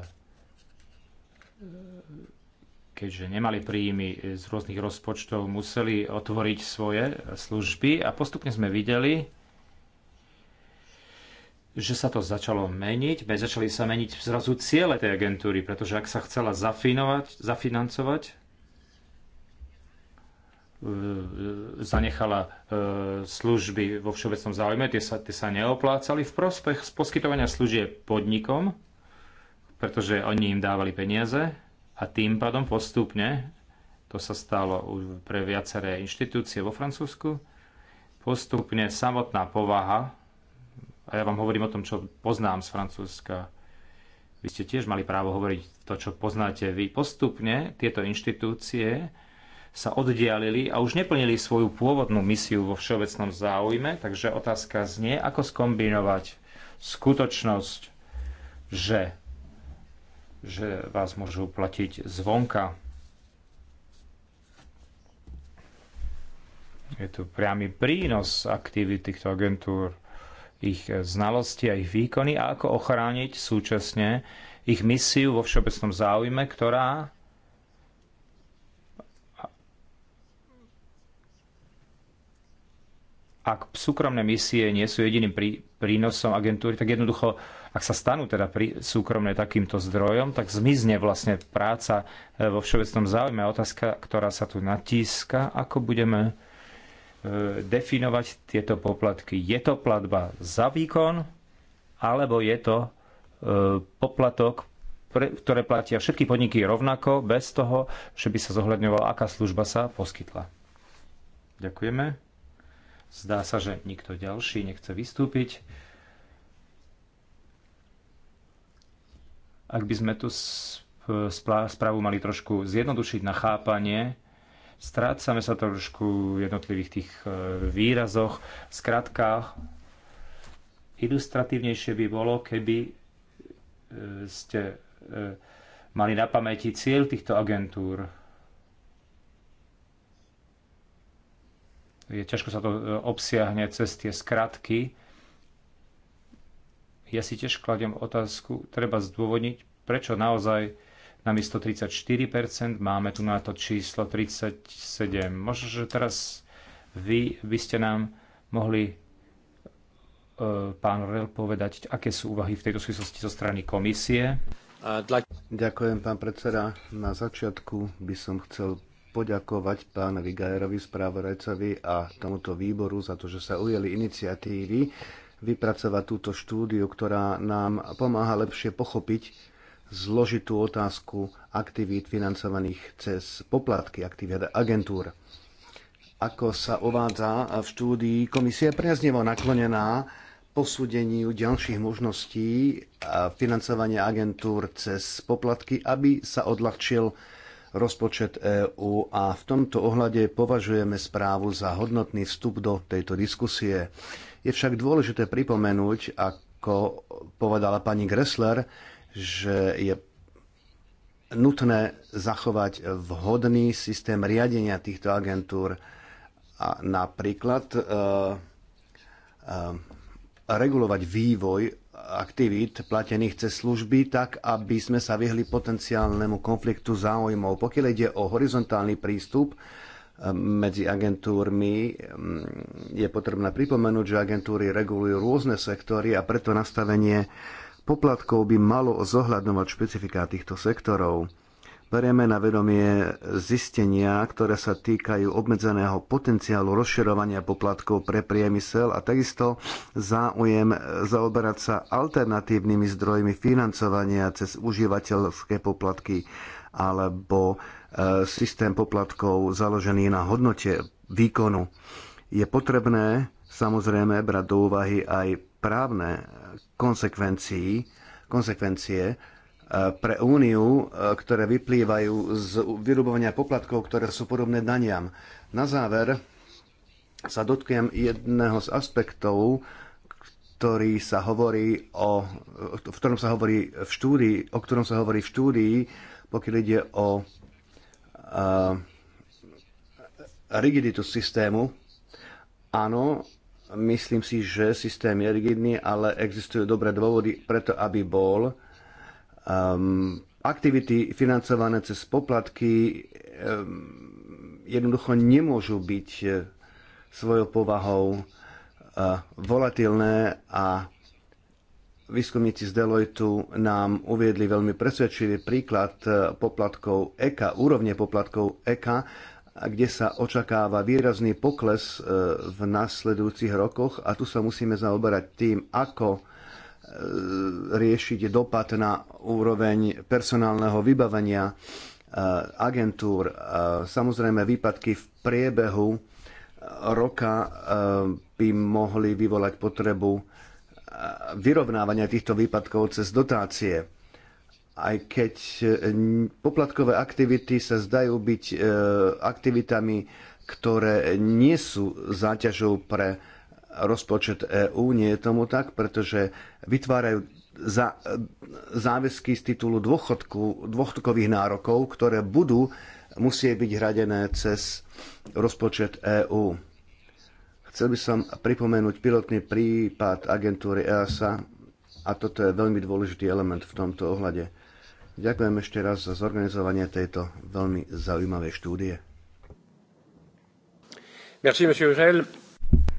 S1: keďže nemali príjmy z rôznych rozpočtov, museli otvoriť svoje služby a postupne sme videli, že sa to začalo meniť, začali sa meniť zrazu ciele tej agentúry, pretože ak sa chcela zafinovať, zafinancovať, E, zanechala e, služby vo všeobecnom záujme, tie sa, tie sa neoplácali v prospech z poskytovania služieb podnikom, pretože oni im dávali peniaze a tým pádom postupne, to sa stalo pre viaceré inštitúcie vo Francúzsku, postupne samotná povaha, a ja vám hovorím o tom, čo poznám z Francúzska, vy ste tiež mali právo hovoriť to, čo poznáte vy, postupne tieto inštitúcie sa oddialili a už neplnili svoju pôvodnú misiu vo všeobecnom záujme, takže otázka znie, ako skombinovať skutočnosť, že, že vás môžu platiť zvonka. Je tu priamy prínos aktivít týchto agentúr, ich znalosti a ich výkony a ako ochrániť súčasne ich misiu vo všeobecnom záujme, ktorá ak súkromné misie nie sú jediným prí, prínosom agentúry, tak jednoducho, ak sa stanú teda prí, súkromné takýmto zdrojom, tak zmizne vlastne práca e, vo všeobecnom záujme. Otázka, ktorá sa tu natíska, ako budeme e, definovať tieto poplatky. Je to platba za výkon, alebo je to e, poplatok, pre, ktoré platia všetky podniky rovnako, bez toho, že by sa zohľadňovala, aká služba sa poskytla. Ďakujeme. Zdá sa, že nikto ďalší nechce vystúpiť. Ak by sme tu správu mali trošku zjednodušiť na chápanie, strácame sa trošku v jednotlivých tých e, výrazoch, skratkách. Ilustratívnejšie by bolo, keby e, ste e, mali na pamäti cieľ týchto agentúr. je ťažko sa to e, obsiahne cez tie skratky. Ja si tiež kladiem otázku, treba zdôvodniť, prečo naozaj namiesto 34% máme tu na to číslo 37. Možno, že teraz vy by ste nám mohli e, pán Rel povedať, aké
S3: sú úvahy v tejto súvislosti zo strany komisie. Ďakujem, pán predseda. Na začiatku by som chcel poďakovať pánovi Gajerovi, správorecovi a tomuto výboru za to, že sa ujeli iniciatívy vypracovať túto štúdiu, ktorá nám pomáha lepšie pochopiť zložitú otázku aktivít financovaných cez poplatky aktivít agentúr. Ako sa uvádza v štúdii, komisia je priaznevo naklonená posúdeniu ďalších možností financovania agentúr cez poplatky, aby sa odľahčil rozpočet EÚ a v tomto ohľade považujeme správu za hodnotný vstup do tejto diskusie. Je však dôležité pripomenúť, ako povedala pani Gressler, že je nutné zachovať vhodný systém riadenia týchto agentúr. A napríklad uh, uh, regulovať vývoj aktivít platených cez služby, tak aby sme sa vyhli potenciálnemu konfliktu záujmov. Pokiaľ ide o horizontálny prístup ehm, medzi agentúrmi, ehm, je potrebné pripomenúť, že agentúry regulujú rôzne sektory a preto nastavenie poplatkov by malo zohľadňovať špecifiká týchto sektorov. Berieme na vedomie zistenia, ktoré sa týkajú obmedzeného potenciálu rozširovania poplatkov pre priemysel a takisto záujem zaoberať sa alternatívnymi zdrojmi financovania cez užívateľské poplatky alebo e, systém poplatkov založený na hodnote výkonu. Je potrebné samozrejme brať do úvahy aj právne konsekvencie E, pre Úniu, e, ktoré vyplývajú z vyrubovania poplatkov, ktoré sú podobné daniam. Na záver sa dotknem jedného z aspektov, ktorý sa hovorí o, v ktorom sa hovorí v štúdii, o ktorom sa hovorí v štúdii, pokiaľ ide o a, e, rigiditu systému. Áno, myslím si, že systém je rigidný, ale existujú dobré dôvody preto, aby bol um, aktivity financované cez poplatky um, jednoducho nemôžu byť e, svojou povahou uh, volatilné a výskumníci z Deloitu nám uviedli veľmi presvedčivý príklad e, poplatkov ECA, úrovne poplatkov EKA, kde sa očakáva výrazný pokles v nasledujúcich rokoch a tu sa musíme zaoberať tým, ako E, riešiť dopad na úroveň personálneho vybavenia e, agentúr. E, samozrejme, výpadky v priebehu roka by mohli vyvolať potrebu vyrovnávania týchto výpadkov cez dotácie. Aj keď poplatkové aktivity sa zdajú byť aktivitami, ktoré nie sú záťažou pre rozpočet EÚ. Nie je tomu tak, pretože vytvárajú za, záväzky z titulu dôchodku, dôchodkových nárokov, ktoré budú musieť byť hradené cez rozpočet EÚ. Chcel by som pripomenúť pilotný prípad agentúry EASA a toto je veľmi dôležitý element v tomto ohľade. Ďakujem ešte raz za zorganizovanie tejto veľmi zaujímavej štúdie.
S1: Merci, monsieur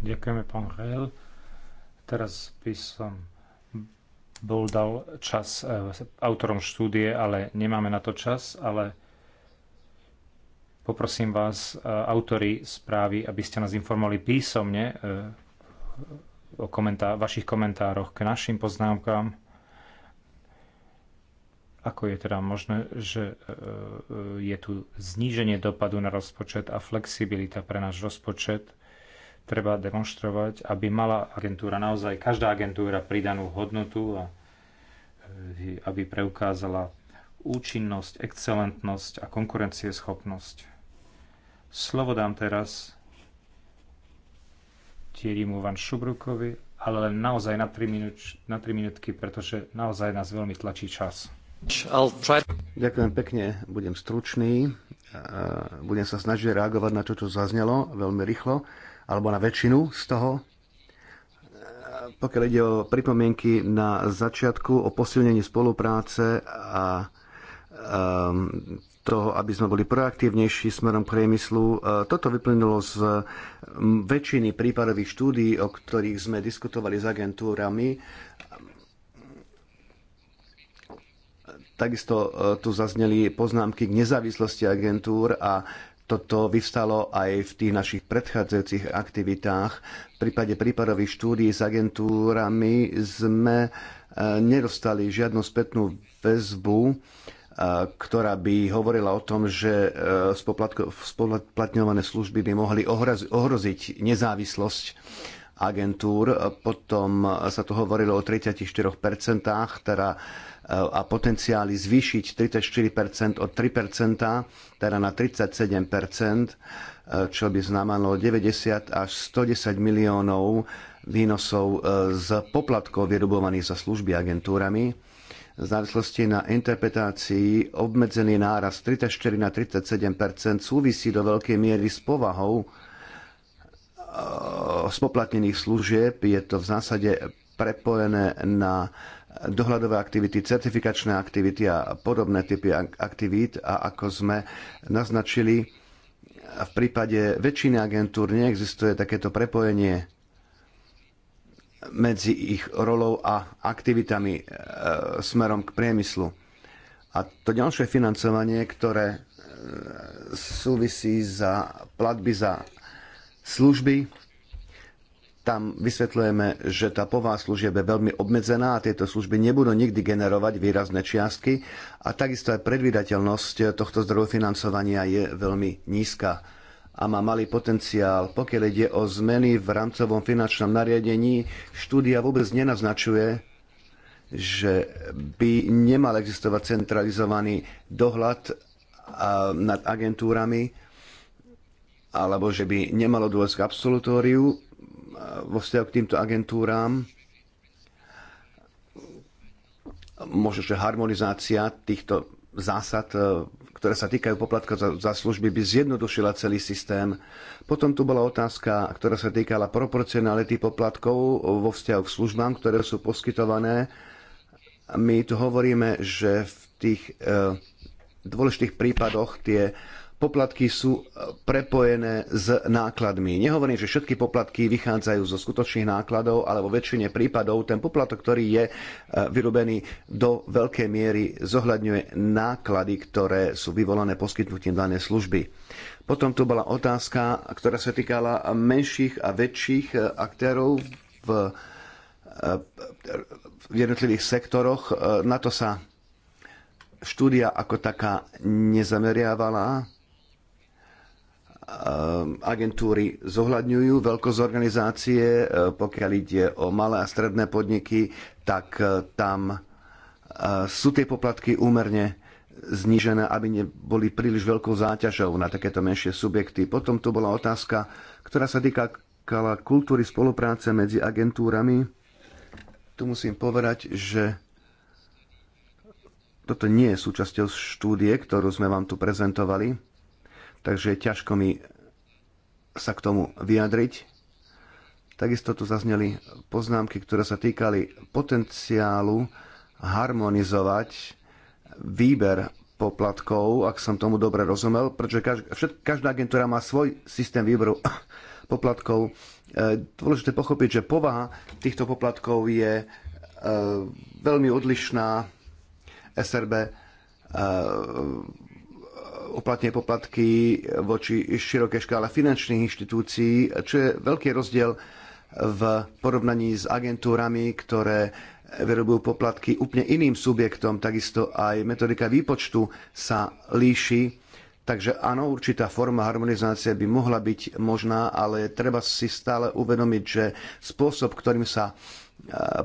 S1: Ďakujeme, pán Hel. Teraz by som bol dal čas e, autorom štúdie, ale nemáme na to čas, ale poprosím vás, e, autory správy, aby ste nás informovali písomne e, o komentá- vašich komentároch k našim poznámkám. Ako je teda možné, že je tu zníženie dopadu na rozpočet a flexibilita pre náš rozpočet treba demonstrovať, aby mala agentúra naozaj, každá agentúra pridanú hodnotu a e, aby preukázala účinnosť, excelentnosť a konkurencieschopnosť. Slovo dám teraz Thierrymu Van Šubrukovi, ale len naozaj na 3, minút, na 3 minútky, pretože naozaj nás veľmi tlačí čas.
S3: Ďakujem pekne, budem stručný. Budem sa snažiť reagovať na to, čo zaznelo veľmi rýchlo alebo na väčšinu z toho. Pokiaľ ide o pripomienky na začiatku, o posilnení spolupráce a um, toho, aby sme boli proaktívnejší smerom k priemyslu. E, toto vyplynulo z väčšiny prípadových štúdí, o ktorých sme diskutovali s agentúrami. Takisto e, tu zazneli poznámky k nezávislosti agentúr a toto vyvstalo aj v tých našich predchádzajúcich aktivitách. V prípade prípadových štúdií s agentúrami sme e, nedostali žiadnu spätnú väzbu, e, ktorá by hovorila o tom, že e, spoplatňované služby by mohli ohroziť nezávislosť agentúr. Potom sa tu hovorilo o 34%, teda e, a potenciáli zvýšiť 34% od 3%, teda na 37%, e, čo by znamenalo 90 až 110 miliónov výnosov e, z poplatkov vyrobovaných za služby agentúrami. V závislosti na interpretácii obmedzený náraz 34 na 37 súvisí do veľkej miery s povahou Eh, spoplatnených služieb. Je to v zásade prepojené na dohľadové aktivity, certifikačné aktivity a podobné typy aktivít. A ako sme naznačili, v prípade väčšiny agentúr neexistuje takéto prepojenie medzi ich rolou a aktivitami eh, smerom k priemyslu. A to ďalšie financovanie, ktoré eh, súvisí za platby za služby. Tam vysvetľujeme, že tá pová služieb je veľmi obmedzená a tieto služby nebudú nikdy generovať výrazné čiastky a takisto aj predvydateľnosť tohto zdroju financovania je veľmi nízka a má malý potenciál. Pokiaľ ide o zmeny v rámcovom finančnom nariadení, štúdia vôbec nenaznačuje, že by nemal existovať centralizovaný dohľad nad agentúrami alebo že by nemalo dôjsť k absolutóriu e, vo vzťahu k týmto agentúram. Možno, že harmonizácia týchto zásad, e, ktoré sa týkajú poplatka za, za služby, by zjednodušila celý systém. Potom tu bola otázka, ktorá sa týkala proporcionality poplatkov vo vzťahu k službám, ktoré sú poskytované. My tu hovoríme, že v tých e, dôležitých prípadoch tie poplatky sú e, prepojené s nákladmi. Nehovorím, že všetky poplatky vychádzajú zo skutočných nákladov, ale vo väčšine prípadov ten poplatok, ktorý je e, vyrobený do veľkej miery, zohľadňuje náklady, ktoré sú vyvolané poskytnutím danej služby. Potom tu bola otázka, ktorá sa týkala menších a väčších e, aktérov v, v jednotlivých sektoroch. Na to sa štúdia ako taká nezameriavala Ehm, agentúry zohľadňujú veľkosť organizácie, e, pokiaľ ide o malé a stredné podniky, tak e, tam e, sú tie poplatky úmerne znížené, aby neboli príliš veľkou záťažou na takéto menšie subjekty. Potom tu bola otázka, ktorá sa týkala kultúry spolupráce medzi agentúrami. Tu musím povedať, že toto nie je súčasťou štúdie, ktorú sme vám tu prezentovali takže ťažko mi sa k tomu vyjadriť. Takisto tu zazneli poznámky, ktoré sa týkali potenciálu harmonizovať výber poplatkov, ak som tomu dobre rozumel, pretože každá agentúra má svoj systém výberu poplatkov. E, dôležité pochopiť, že povaha týchto poplatkov je e, veľmi odlišná. SRB e, uplatňuje poplatky voči širokej škále finančných inštitúcií, čo je veľký rozdiel v porovnaní s agentúrami, ktoré vyrobujú poplatky úplne iným subjektom, takisto aj metodika výpočtu sa líši. Takže áno, určitá forma harmonizácie by mohla byť možná, ale treba si stále uvedomiť, že spôsob, ktorým sa e,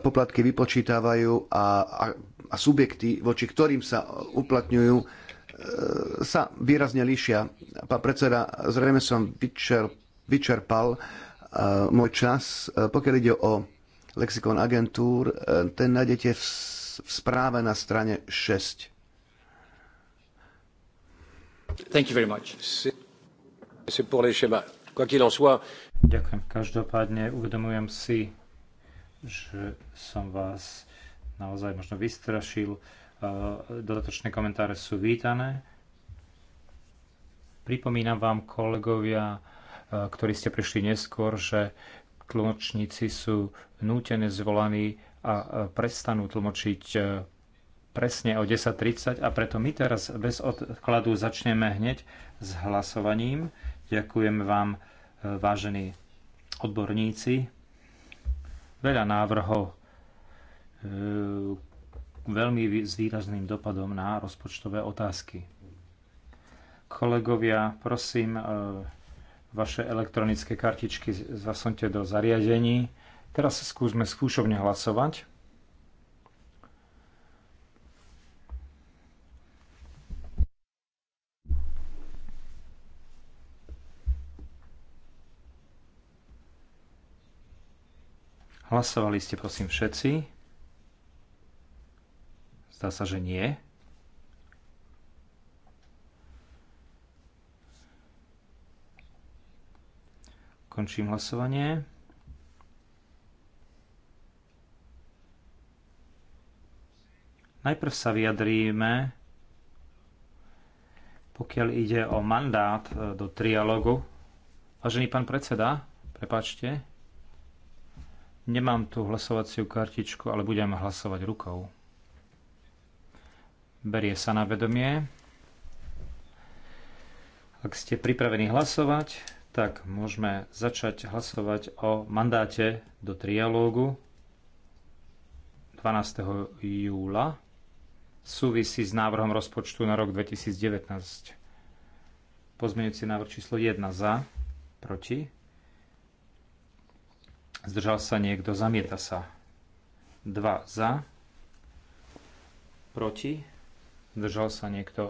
S3: poplatky vypočítavajú a, a, a subjekty, voči ktorým sa uplatňujú, sa výrazne líšia. Pán predseda, zrejme som vyčer, vyčerpal e, môj čas. E, pokiaľ ide o lexikon agentúr, e, ten nájdete v, v správe na strane 6.
S1: Thank you very much. Ďakujem. Každopádne uvedomujem si, že som vás naozaj možno vystrašil. Dodatočné komentáre sú vítané. Pripomínam vám, kolegovia, e, ktorí ste prišli neskôr, že tlmočníci sú nútene zvolaní a e, prestanú tlmočiť e, presne o 10.30 a preto my teraz bez odkladu začneme hneď s hlasovaním. Ďakujem vám, vážení odborníci. Veľa návrhov, veľmi s výrazným dopadom na rozpočtové otázky. Kolegovia, prosím, e, vaše elektronické kartičky zasunte do zariadení. Teraz skúsme skúšovne hlasovať. Hlasovali ste prosím všetci. Zdá sa, že nie. Končím hlasovanie. Najprv sa vyjadríme, pokiaľ ide o mandát e, do trialogu. Vážený pán predseda, prepačte, nemám tu hlasovaciu kartičku, ale budem hlasovať rukou. Berie sa na vedomie. Ak ste pripravení hlasovať, tak môžeme začať hlasovať o mandáte do trialógu 12. júla súvisí s návrhom rozpočtu na rok 2019. Pozmeňujúci návrh číslo 1 za, proti. Zdržal sa niekto, zamieta sa. 2 za, proti. Zdržal sa niekto?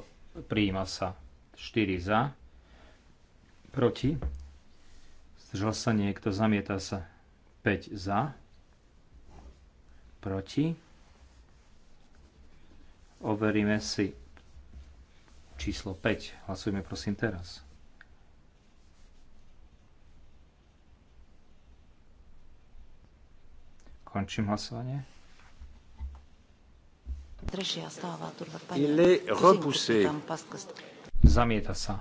S1: Prijíma sa. 4 za. Proti. Zdržal sa niekto? Zamieta sa. 5 za. Proti. Overíme si číslo 5. Hlasujme prosím teraz. Končím hlasovanie. Il est repoussé. Zamieta sa.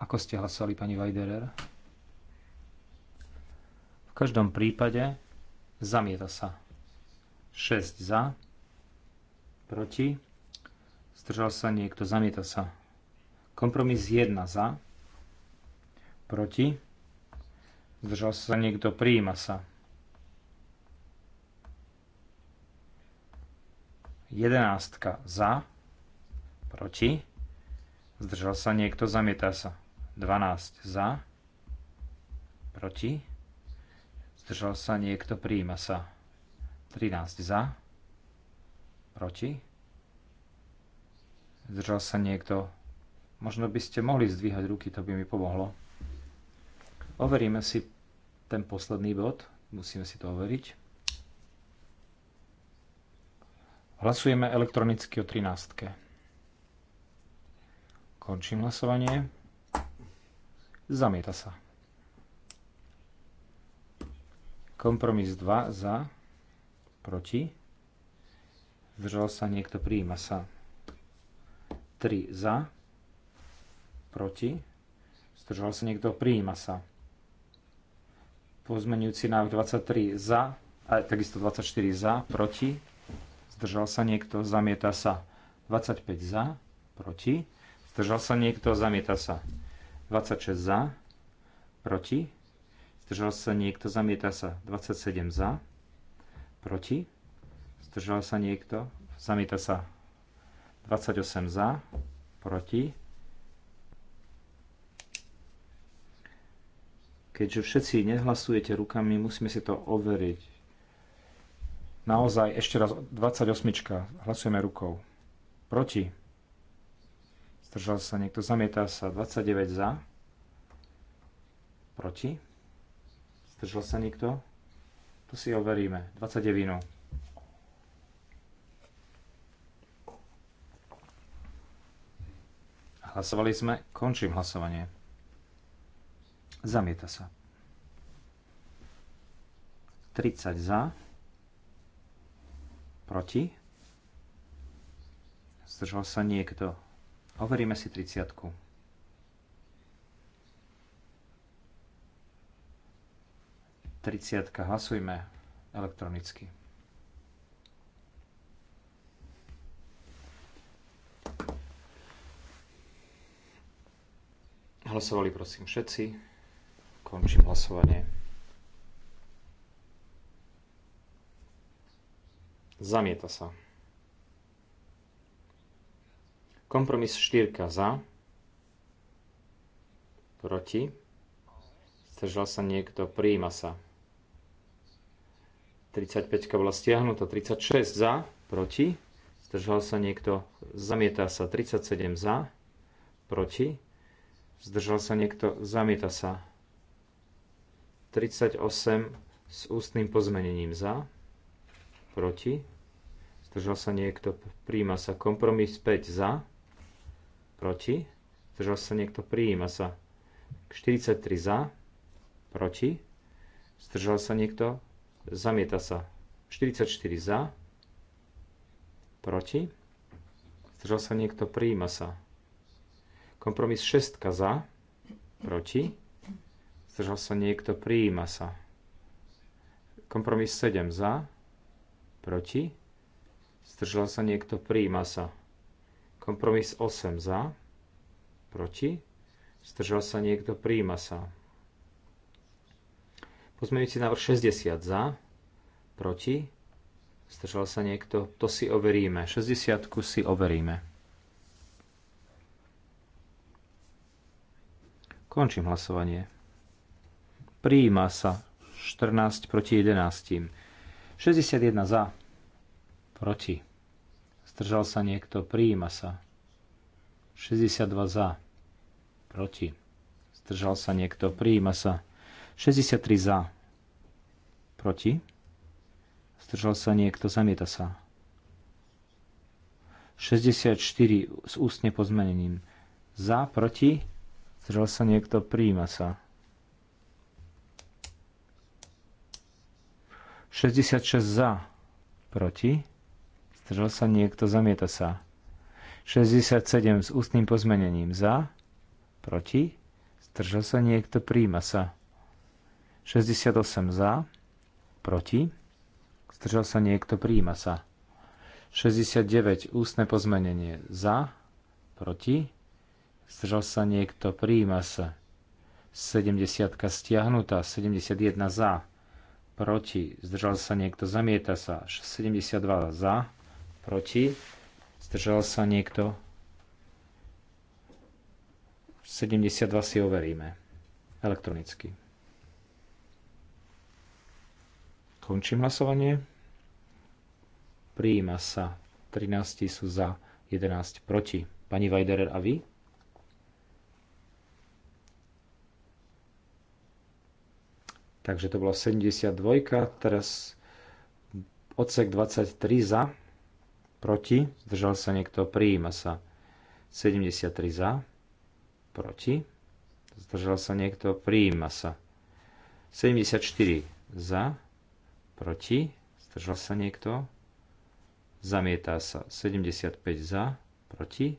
S1: Ako ste hlasovali, pani Weiderer? V každom prípade zamieta sa. 6 za, proti, zdržal sa niekto, zamieta sa. Kompromis 1 za, proti, zdržal sa niekto, prijíma sa. 11 za, proti, zdržal sa niekto, zamieta sa. 12 za, proti, zdržal sa niekto, prijíma sa. 13 za, proti, zdržal sa niekto. Možno by ste mohli zdvíhať ruky, to by mi pomohlo. Overíme si ten posledný bod, musíme si to overiť. Hlasujeme elektronicky o 13. Končím hlasovanie. Zamieta sa. Kompromis 2 za, proti. Zdržal sa niekto, prijíma sa. 3 za, proti. Zdržal sa niekto, prijíma sa. Pozmenujúci návrh 23 za, a takisto 24 za, proti zdržal sa niekto, zamieta sa. 25 za, proti, zdržal sa niekto, zamieta sa. 26 za, proti, zdržal sa niekto, zamieta sa. 27 za, proti, zdržal sa niekto, zamieta sa. 28 za, proti. Keďže všetci nehlasujete rukami, musíme si to overiť. Naozaj, ešte raz, 28. Hlasujeme rukou. Proti. Zdržal sa niekto, zamieta sa. 29 za. Proti. Zdržal sa niekto? To si overíme. 29. Hlasovali sme. Končím hlasovanie. Zamieta sa. 30 za. Proti? Zdržal sa niekto. Overíme si 30. Triciatka, hlasujme elektronicky. Hlasovali prosím všetci. Končím hlasovanie. Zamieta sa. Kompromis 4 za. Proti. Zdržal sa niekto. Prijíma sa. 35 bola stiahnutá. 36 za. Proti. Zdržal sa niekto. Zamieta sa. 37 za. Proti. Zdržal sa niekto. Zamieta sa. 38 s ústnym pozmenením za proti, zdržal sa niekto, príjima sa. Kompromis 5 za, proti, zdržal sa niekto, príjima sa. 43 za, proti, zdržal sa niekto, zamieta sa. 44 za, proti, zdržal sa niekto, príjima sa. Kompromis 6 za, proti, zdržal sa niekto, príjima sa. Kompromis 7 za, proti, zdržal sa niekto, prijíma sa. Kompromis 8 za, proti, zdržal sa niekto, prijíma sa. Pozmeňujúci návrh 60 za, proti, zdržal sa niekto, to si overíme. 60 si overíme. Končím hlasovanie. Prijíma sa 14 proti 11. 61 za, Proti. Zdržal sa niekto. Prijíma sa. 62 za. Proti. Zdržal sa niekto. Prijíma sa. 63 za. Proti. Zdržal sa niekto. Zamieta sa. 64 s ústne pozmenením. Za. Proti. Zdržal sa niekto. Prijíma sa. 66 za. Proti zdržal sa niekto, zamieta sa. 67 s ústnym pozmenením za, proti, zdržal sa niekto, príjma sa. 68 za, proti, zdržal sa niekto, príjma sa. 69 ústne pozmenenie za, proti, zdržal sa niekto, príjma sa. 70 stiahnutá, 71 za, proti, zdržal sa niekto, zamieta sa, 72 za, Proti? Zdržal sa niekto? 72 si overíme elektronicky. Končím hlasovanie. Prijíma sa. 13 sú za, 11 proti. Pani Vajderer a vy? Takže to bolo 72, teraz odsek 23 za, proti, zdržal sa niekto, prijíma sa. 73 za, proti, zdržal sa niekto, prijíma sa. 74 za, proti, zdržal sa niekto, zamieta sa. 75 za, proti,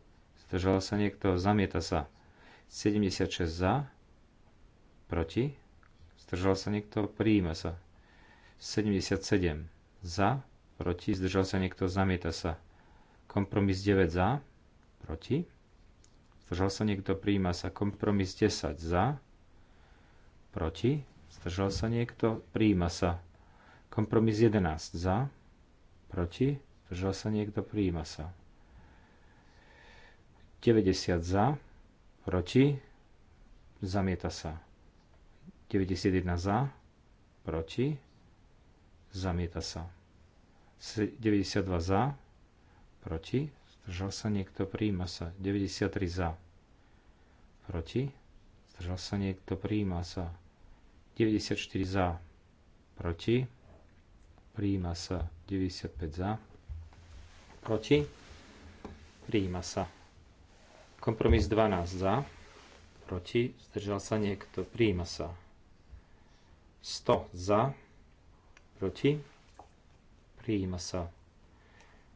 S1: zdržal sa niekto, zamieta sa. 76 za, proti, zdržal sa niekto, prijíma sa. 77 za, proti, zdržal sa niekto, zamieta sa. Kompromis 9 za, proti, zdržal sa niekto, prijíma sa. Kompromis 10 za, proti, zdržal sa niekto, prijíma sa. Kompromis 11 za, proti, zdržal sa niekto, prijíma sa. 90 za, proti, zamieta sa. 91 za, proti, zamieta sa. 92 za, proti, zdržal sa niekto, prijíma sa. 93 za, proti, zdržal sa niekto, prijíma sa. 94 za, proti, prijíma sa. 95 za, proti, prijíma sa. Kompromis 12 za, proti, zdržal sa niekto, prijíma sa. 100 za, proti, Prijíma sa.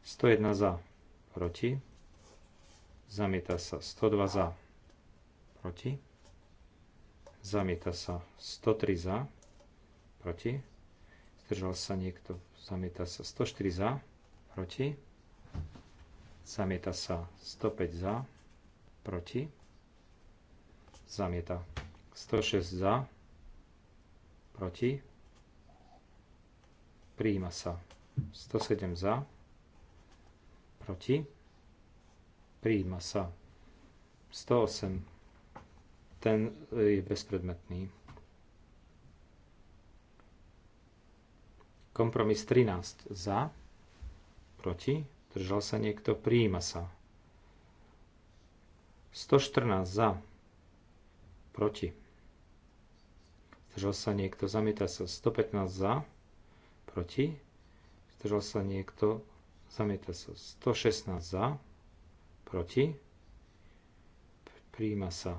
S1: 101 za. Proti. Zamieta sa. 102 za. Proti. Zamieta sa. 103 za. Proti. Zdržal sa niekto. Zamieta sa. 104 za. Proti. Zamieta sa. 105 za. Proti. Zamieta. 106 za. Proti. Prijíma sa. 107 za, proti, prijíma sa 108, ten e, je bezpredmetný. Kompromis 13 za, proti, držal sa niekto, prijíma sa. 114 za, proti, zdržal sa niekto, zamieta sa. 115 za, proti, zdržal sa niekto, zamieta sa 116 za, proti, príjima sa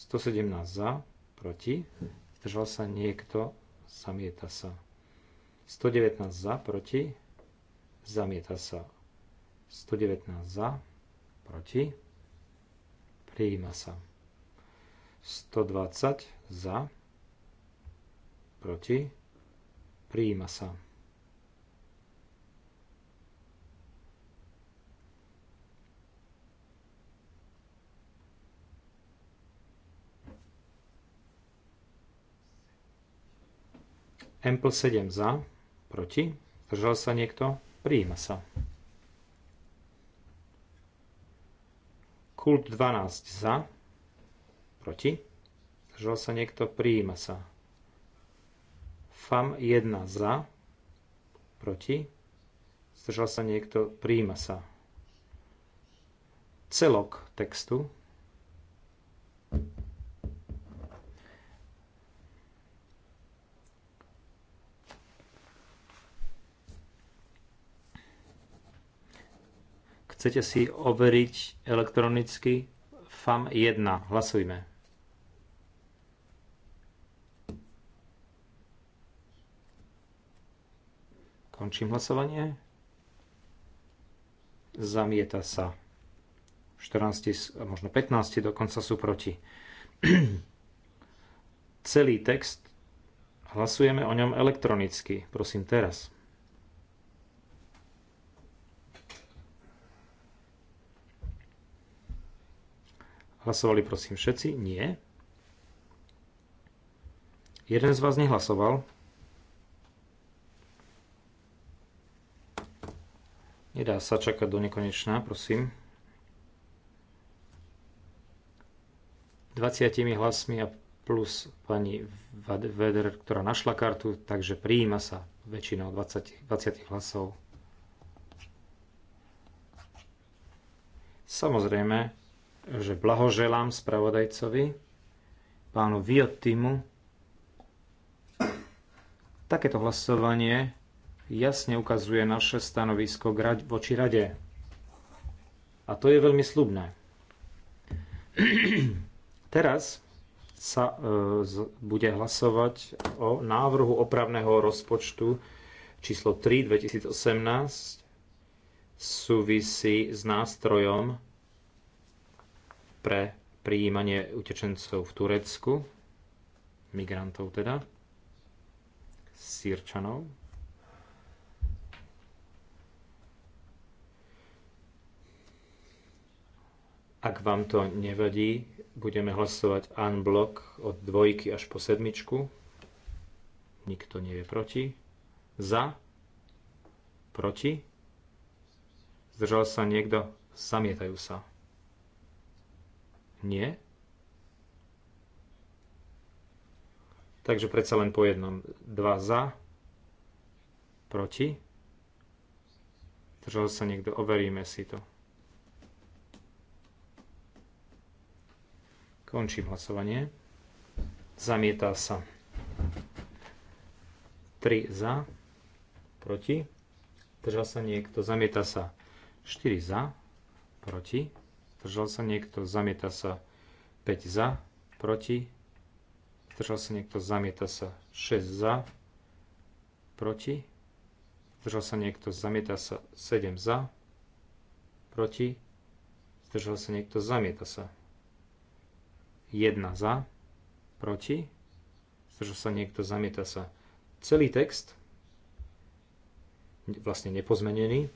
S1: 117 za, proti, zdržal sa niekto, zamieta sa 119 za, proti, zamieta sa 119 za, proti, prijíma sa 120 za, proti, prijíma sa Ample 7 za, proti, zdržal sa niekto, prijíma sa. Kult 12 za, proti, zdržal sa niekto, prijíma sa. FAM 1 za, proti, zdržal sa niekto, prijíma sa. Celok textu Chcete si overiť elektronicky FAM 1. Hlasujme. Končím hlasovanie. Zamieta sa. 14, možno 15 dokonca sú proti. Celý text hlasujeme o ňom elektronicky. Prosím teraz. Hlasovali prosím všetci? Nie. Jeden z vás nehlasoval. Nedá sa čakať do nekonečná, prosím. 20 hlasmi a plus pani Veder, ktorá našla kartu, takže prijíma sa väčšinou 20, 20 hlasov. Samozrejme, že blahoželám spravodajcovi, pánu Viotimu. Takéto hlasovanie jasne ukazuje naše stanovisko voči rade. A to je veľmi slubné. Teraz sa e, bude hlasovať o návrhu opravného rozpočtu číslo 3 2018 súvisí s nástrojom pre prijímanie utečencov v Turecku, migrantov teda, sírčanov. Ak vám to nevadí, budeme hlasovať unblock od dvojky až po sedmičku. Nikto nie je proti. Za. Proti. Zdržal sa niekto? Zamietajú sa. Nie? Takže predsa len po jednom. 2 za, proti. Držal sa niekto, overíme si to. Končím hlasovanie. Zamietá sa. 3 za, proti. Držal sa niekto, zamieta sa. 4 za, proti zdržal sa niekto, zamieta sa 5 za, proti, zdržal sa niekto, zamieta sa 6 za, proti, zdržal sa niekto, zamieta sa 7 za, proti, zdržal sa niekto, zamieta sa 1 za, proti, zdržal sa niekto, zamieta sa celý text, vlastne nepozmenený,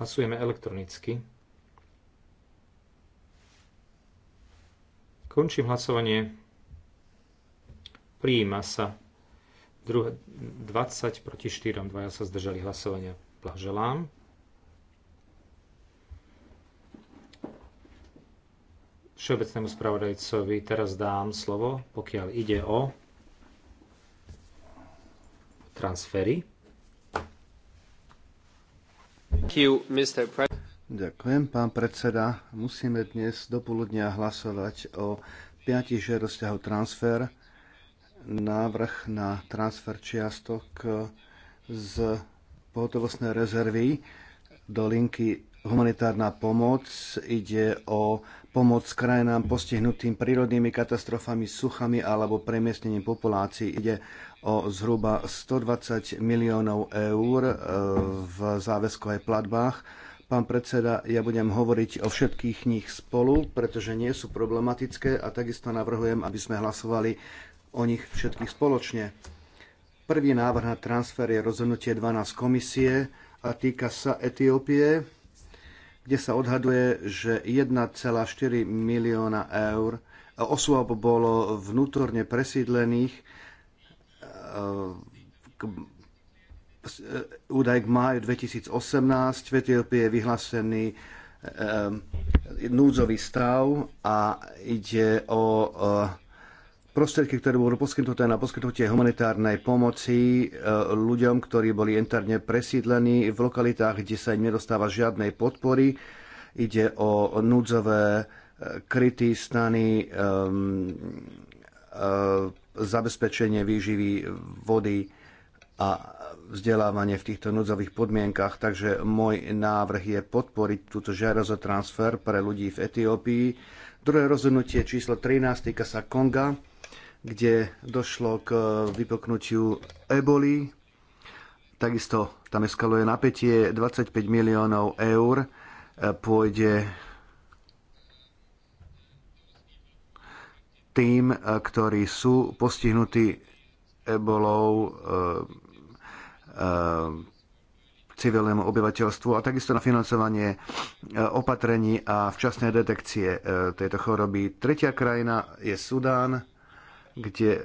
S1: hlasujeme elektronicky. Končím hlasovanie. Prijíma sa. 20 proti 4, dvaja sa zdržali hlasovania. Plaželám. Všeobecnému spravodajcovi teraz dám slovo, pokiaľ ide o
S3: transfery. You, Ďakujem, pán predseda. Musíme dnes poludnia hlasovať o piatich žiadostiach o transfer. Návrh na transfer čiastok z pohotovostnej rezervy do linky humanitárna pomoc. Ide o pomoc krajinám postihnutým prírodnými katastrofami, suchami alebo premiestnením populácií. Ide o zhruba 120 miliónov eur e, v záväzkovej platbách Pán predseda, ja budem hovoriť o všetkých nich spolu, pretože nie sú problematické a takisto navrhujem, aby sme hlasovali o nich všetkých spoločne. Prvý návrh na transfer je rozhodnutie 12 komisie a týka sa Etiópie, kde sa odhaduje, že 1,4 milióna eur osôb bolo vnútorne presídlených eh, k údaj k máju 2018 v Etiópii je vyhlásený eh, núdzový stav a ide o eh, prostriedky, ktoré budú poskytnuté na poskytnutie humanitárnej pomoci eh, ľuďom, ktorí boli interne presídlení v lokalitách, kde sa im nedostáva žiadnej podpory. Ide o núdzové krytý stany, zabezpečenie výživy vody a vzdelávanie v týchto núdzových podmienkach, takže môj návrh je podporiť túto žiadosť o transfer pre ľudí v Etiópii. Druhé rozhodnutie číslo 13 týka sa Konga, kde došlo k vypoknutiu eboli. Takisto tam eskaluje napätie 25 miliónov eur e, pôjde tým, e, ktorí sú postihnutí ebolou e, Eh, civilnému obyvateľstvu a takisto na financovanie eh, opatrení a včasnej detekcie eh, tejto choroby. Tretia krajina je Sudán, kde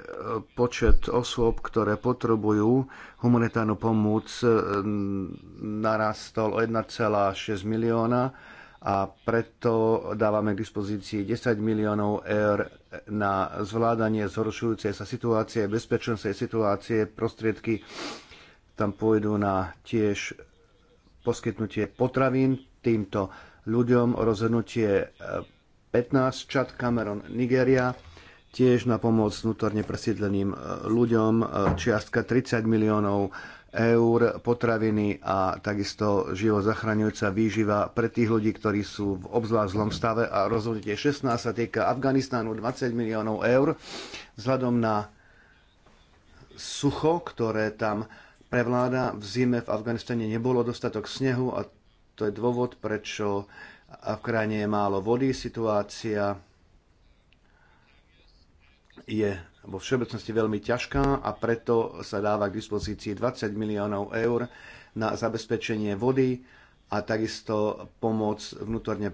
S3: počet osôb, ktoré potrebujú humanitárnu pomoc, narastol o 1,6 milióna a preto dávame k dispozícii 10 miliónov eur na zvládanie zhoršujúcej sa situácie, bezpečnostnej situácie, prostriedky tam pôjdu na tiež poskytnutie potravín týmto ľuďom, rozhodnutie 15, e, Čad, Cameron, Nigeria, tiež na pomoc vnútorne presídleným e, ľuďom, e, čiastka 30 miliónov eur, potraviny a takisto živo zachraňujúca výživa pre tých ľudí, ktorí sú v obzvlášť zlom stave a rozhodnutie 16 sa týka Afganistánu 20 miliónov eur vzhľadom na sucho, ktoré tam prevláda. V zime v Afganistane nebolo dostatok snehu a to je dôvod, prečo v krajine je málo vody. Situácia je vo všeobecnosti veľmi ťažká a preto sa dáva k dispozícii 20 miliónov eur na zabezpečenie vody a takisto pomoc vnútorne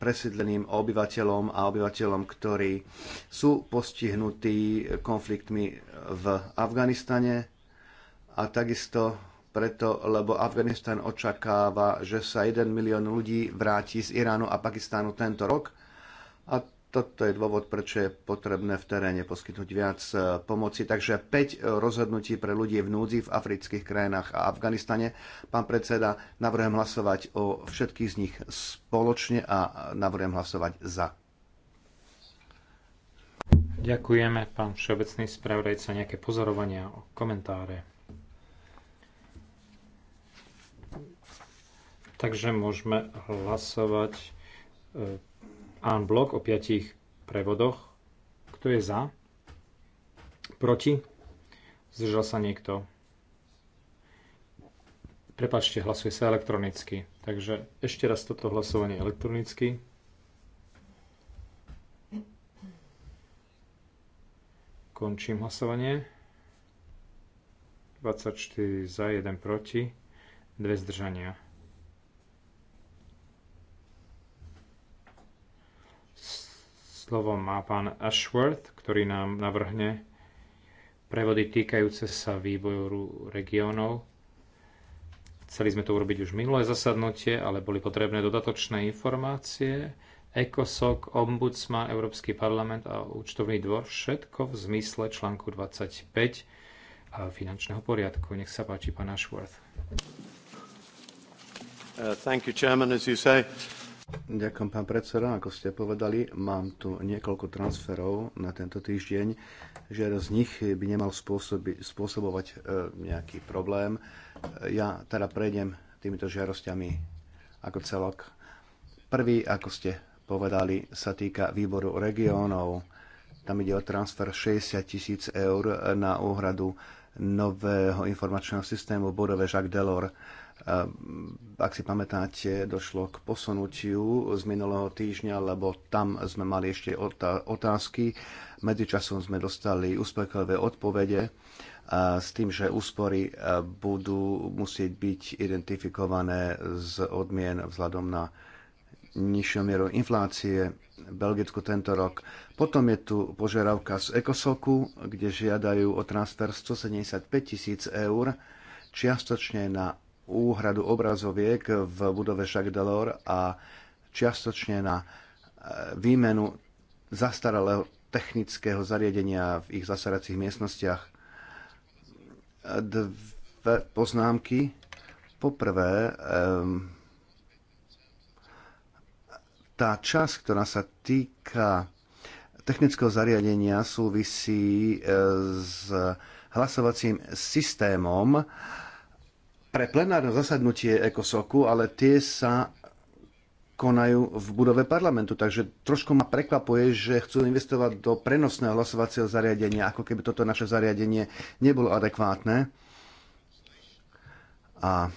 S3: presídleným obyvateľom a obyvateľom, ktorí sú postihnutí konfliktmi v Afganistane a takisto preto, lebo Afganistan očakáva, že sa 1 milión ľudí vráti z Iránu a Pakistánu tento rok. A toto je dôvod, prečo je potrebné v teréne poskytnúť viac eh, pomoci. Takže 5 eh, rozhodnutí pre ľudí v núdzi v afrických krajinách a Afganistane. Pán predseda, navrhujem hlasovať o všetkých z nich spoločne a navrhujem hlasovať za.
S1: Ďakujeme, pán všeobecný spravodajca, nejaké pozorovania, komentáre. takže môžeme hlasovať eh, en blok o piatich prevodoch. Kto je za? Proti? Zdržal sa niekto? Prepačte, hlasuje sa elektronicky. Takže ešte raz toto hlasovanie elektronicky. Končím hlasovanie. 24 za, 1 proti, 2 zdržania. Slovo má pán Ashworth, ktorý nám navrhne prevody týkajúce sa výboru regiónov. Chceli sme to urobiť už minulé zasadnutie, ale boli potrebné dodatočné informácie. ECOSOC, Ombudsman, Európsky parlament a Účtovný dvor, všetko v zmysle článku 25 a finančného poriadku. Nech sa páči,
S3: pán Ashworth. Uh, thank you, Chairman, as you say. Ďakujem, pán predseda. Ako ste povedali, mám tu niekoľko transferov na tento týždeň. Žiaden z nich by nemal spôsobi, spôsobovať e, nejaký problém. E, ja teda prejdem týmito žiarostiami ako celok. Prvý, ako ste povedali, sa týka výboru regiónov. Tam ide o transfer 60 tisíc eur na úhradu nového informačného systému budove Jacques Delors ak si pamätáte, došlo k posunutiu z minulého týždňa, lebo tam sme mali ešte otázky. Medzičasom sme dostali úspechové odpovede s tým, že úspory budú musieť byť identifikované z odmien vzhľadom na nižšiu mieru inflácie v Belgicku tento rok. Potom je tu požiadavka z Ecosoku, kde žiadajú o transfer 175 tisíc eur čiastočne na úhradu obrazoviek v budove Jacques Delors a čiastočne na e, výmenu zastaralého technického zariadenia v ich zasaracích miestnostiach. Dve poznámky. Poprvé, tá časť, ktorá sa týka technického zariadenia, súvisí e, s hlasovacím systémom, pre plenárne zasadnutie ECOSOKu, ale tie sa konajú v budove parlamentu. Takže trošku ma prekvapuje, že chcú investovať do prenosného hlasovacieho zariadenia, ako keby toto naše zariadenie nebolo adekvátne. A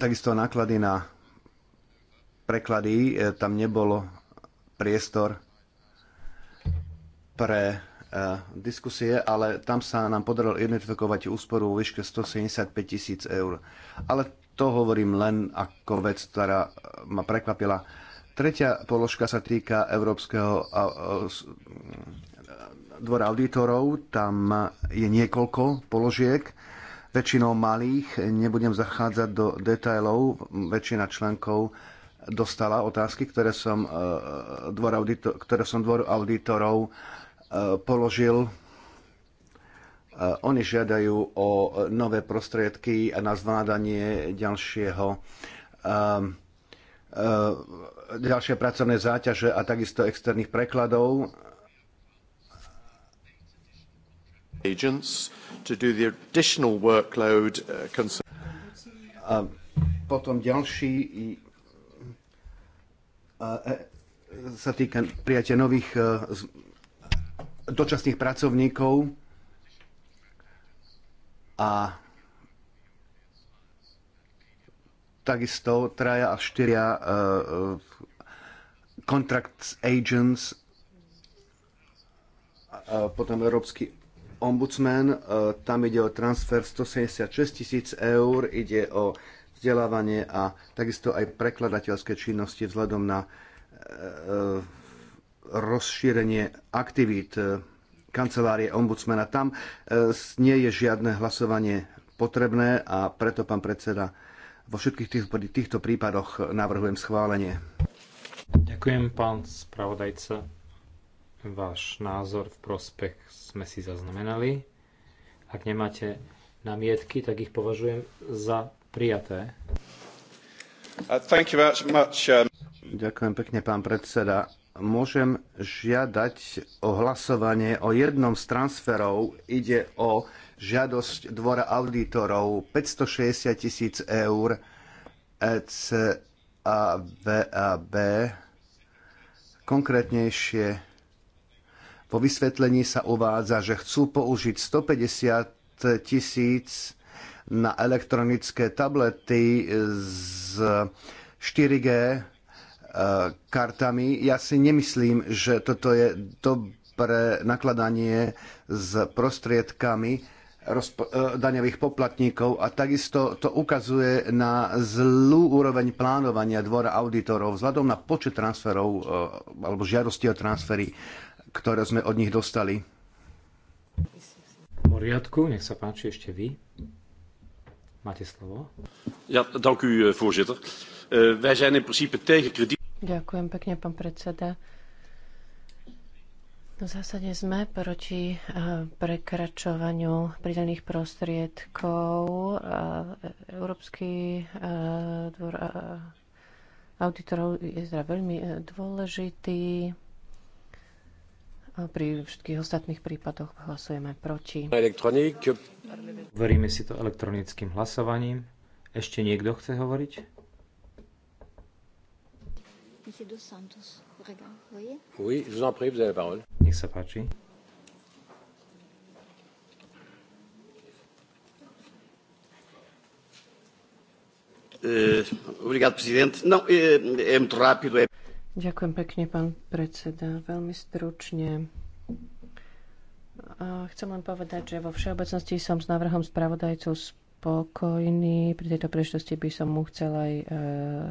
S3: takisto náklady na preklady, e, tam nebolo priestor pre E, diskusie, ale tam sa nám podarilo identifikovať úsporu vo výške 175 tisíc eur. Ale to hovorím len ako vec, ktorá ma prekvapila. Tretia položka sa týka Európskeho e, dvora auditorov. Tam je niekoľko položiek, väčšinou malých. Nebudem zachádzať do detailov. Väčšina členkov dostala otázky, ktoré som, e, dvor audito- ktoré som dvor auditorov E, položil. E, oni žiadajú o nové prostriedky na zvládanie ďalšieho e, ďalšie pracovné záťaže a takisto externých prekladov. Uh, a potom ďalší sa týka prijatia nových dočasných pracovníkov a takisto traja a štyria uh, e, e, contracts agents, a potom Európsky ombudsman, uh, tam ide o transfer 176 tisíc eur, ide o vzdelávanie a takisto aj prekladateľské činnosti vzhľadom na uh, rozšírenie aktivít e, kancelárie ombudsmana. Tam e, nie je žiadne hlasovanie potrebné a preto, pán predseda, vo všetkých týchto prípadoch navrhujem schválenie.
S1: Ďakujem, pán spravodajca. Váš názor v prospech sme si zaznamenali. Ak nemáte namietky, tak ich považujem za prijaté.
S2: Uh, much, um...
S3: Ďakujem pekne, pán predseda môžem žiadať o hlasovanie o jednom z transferov. Ide o žiadosť Dvora auditorov 560 tisíc eur ECAVAB. Konkrétnejšie po vysvetlení sa uvádza, že chcú použiť 150 tisíc na elektronické tablety z 4G E, kartami. Ja si nemyslím, že toto je dobré nakladanie s prostriedkami e, daňových poplatníkov a takisto to ukazuje na zlú úroveň plánovania dvora auditorov vzhľadom na počet transferov e, alebo žiadosti o transfery, ktoré sme od nich dostali.
S1: nech sa páči ešte vy. Máte slovo. Ja, dank u eh, voorzitter. Uh, wij zijn in principe tegen krediet.
S2: Ďakujem pekne, pán predseda. V zásade sme proti eh, prekračovaniu pridaných prostriedkov. Eh, Európsky eh, dvor auditorov je zra teda veľmi dôležitý. Pri všetkých ostatných prípadoch hlasujeme proti.
S1: Veríme si to elektronickým hlasovaním. Ešte niekto chce hovoriť? Oui, je vous en prie, vous avez la parole. Nech sa páči.
S3: Eh, eh,
S2: Ďakujem pekne, pán predseda. Veľmi stručne. Chcem len povedať, že vo všeobecnosti som s návrhom spravodajcov spokojný spokojný. Pri tejto príležitosti by som mu chcel aj e,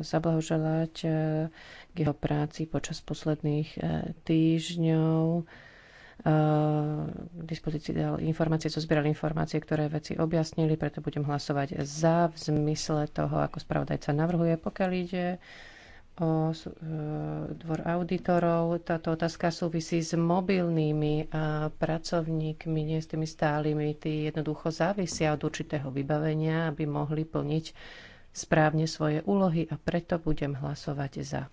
S2: zablahoželať e, k jeho práci počas posledných e, týždňov. K dispozícii dal informácie, co zbieral informácie, ktoré veci objasnili, preto budem hlasovať za v zmysle toho, ako spravodajca navrhuje, pokiaľ ide o e, dvor auditorov. Táto otázka súvisí s mobilnými e, pracovníkmi, nie s tými stálymi. Tí jednoducho závisia od určitého vybavenia, aby mohli plniť správne svoje úlohy a preto budem hlasovať za.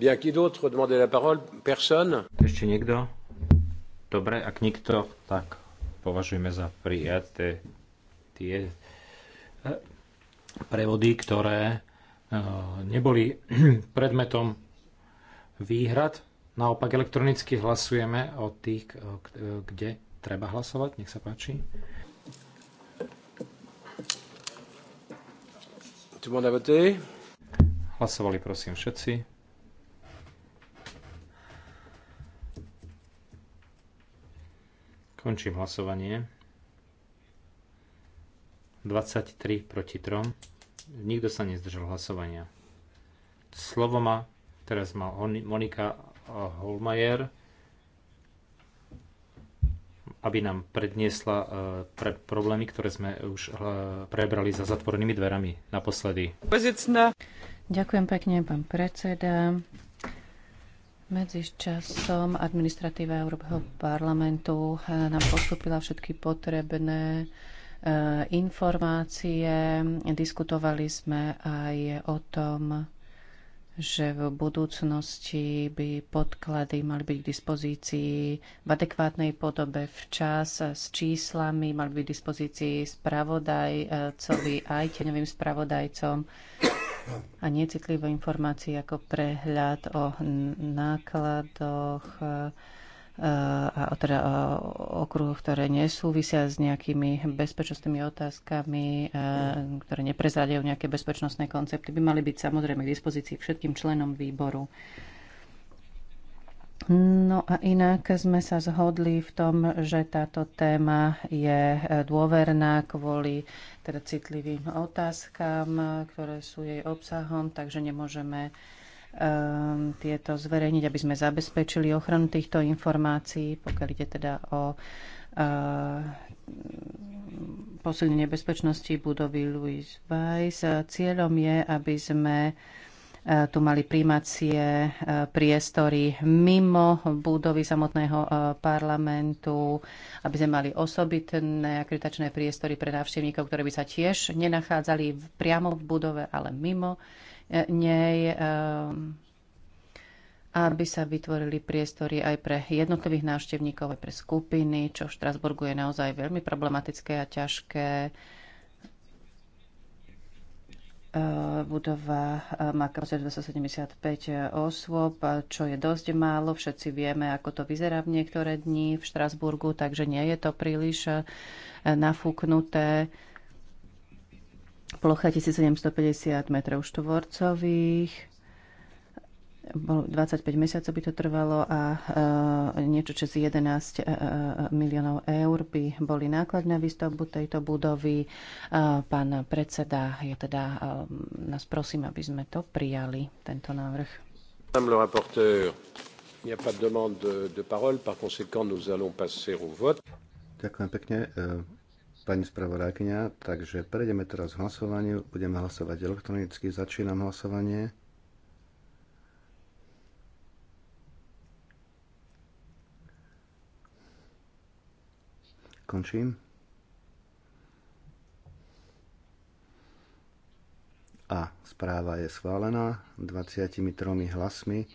S1: Bien, qui d'autre la parole Personne Ešte niekto? Dobre, ak nikto, tak považujeme za prijaté tie prevody, ktoré e, neboli predmetom výhrad. Naopak elektronicky hlasujeme o tých, e, e, kde treba hlasovať. Nech sa páči. Hlasovali prosím všetci. Končím hlasovanie. 23 proti 3. Nikto sa nezdržal hlasovania. Slovo má, teraz má Monika Holmajer, aby nám predniesla e, pre problémy, ktoré sme už e, prebrali za zatvorenými dverami naposledy.
S2: Ďakujem pekne, pán predseda. Medzi časom administratíva Európskeho parlamentu e, nám postupila všetky potrebné Eh, informácie. Diskutovali sme aj o tom, že v budúcnosti by podklady mali byť k dispozícii v adekvátnej podobe včas eh, s číslami, mali byť k dispozícii spravodajcovi eh, aj teňovým spravodajcom a necitlivé informácie ako prehľad o nákladoch, a teda okruh, ktoré nesúvisia s nejakými bezpečnostnými otázkami, ktoré neprezradajú nejaké bezpečnostné koncepty, by mali byť samozrejme k dispozícii všetkým členom výboru. No a inak sme sa zhodli v tom, že táto téma je e, dôverná kvôli teda citlivým otázkam, e, ktoré sú jej obsahom, takže nemôžeme Ehm, tieto zverejniť, aby sme zabezpečili ochranu týchto informácií, pokiaľ ide teda o ehm, posilnenie bezpečnosti budovy Louis Weiss. Cieľom je, aby sme e, tu mali príjmacie e, priestory mimo budovy samotného e, parlamentu, aby sme mali osobitné akreditačné priestory pre návštevníkov, ktoré by sa tiež nenachádzali priamo v budove, ale mimo nej ehm, aby sa vytvorili priestory aj pre jednotlivých návštevníkov, aj pre skupiny, čo v Štrasburgu je naozaj veľmi problematické a ťažké. Ehm, budova ehm, má kapacitu 275 osôb, čo je dosť málo. Všetci vieme, ako to vyzerá v niektoré dni v Štrasburgu, takže nie je to príliš nafúknuté plocha 1750 m štvorcových. 25 mesiacov by to trvalo a e, niečo cez 11 e, e, miliónov eur by boli náklad na výstavbu tejto budovy. E, pán predseda, ja teda e, nás prosím, aby sme to prijali, tento návrh. Madame le rapporteur, il n'y a pas de demande de parole, par conséquent nous allons passer au vote. Ďakujem
S3: pekne. E, pani spravodajkňa, Takže prejdeme teraz k hlasovaniu. Budeme hlasovať elektronicky. Začínam hlasovanie. Končím. A správa je schválená 23 hlasmi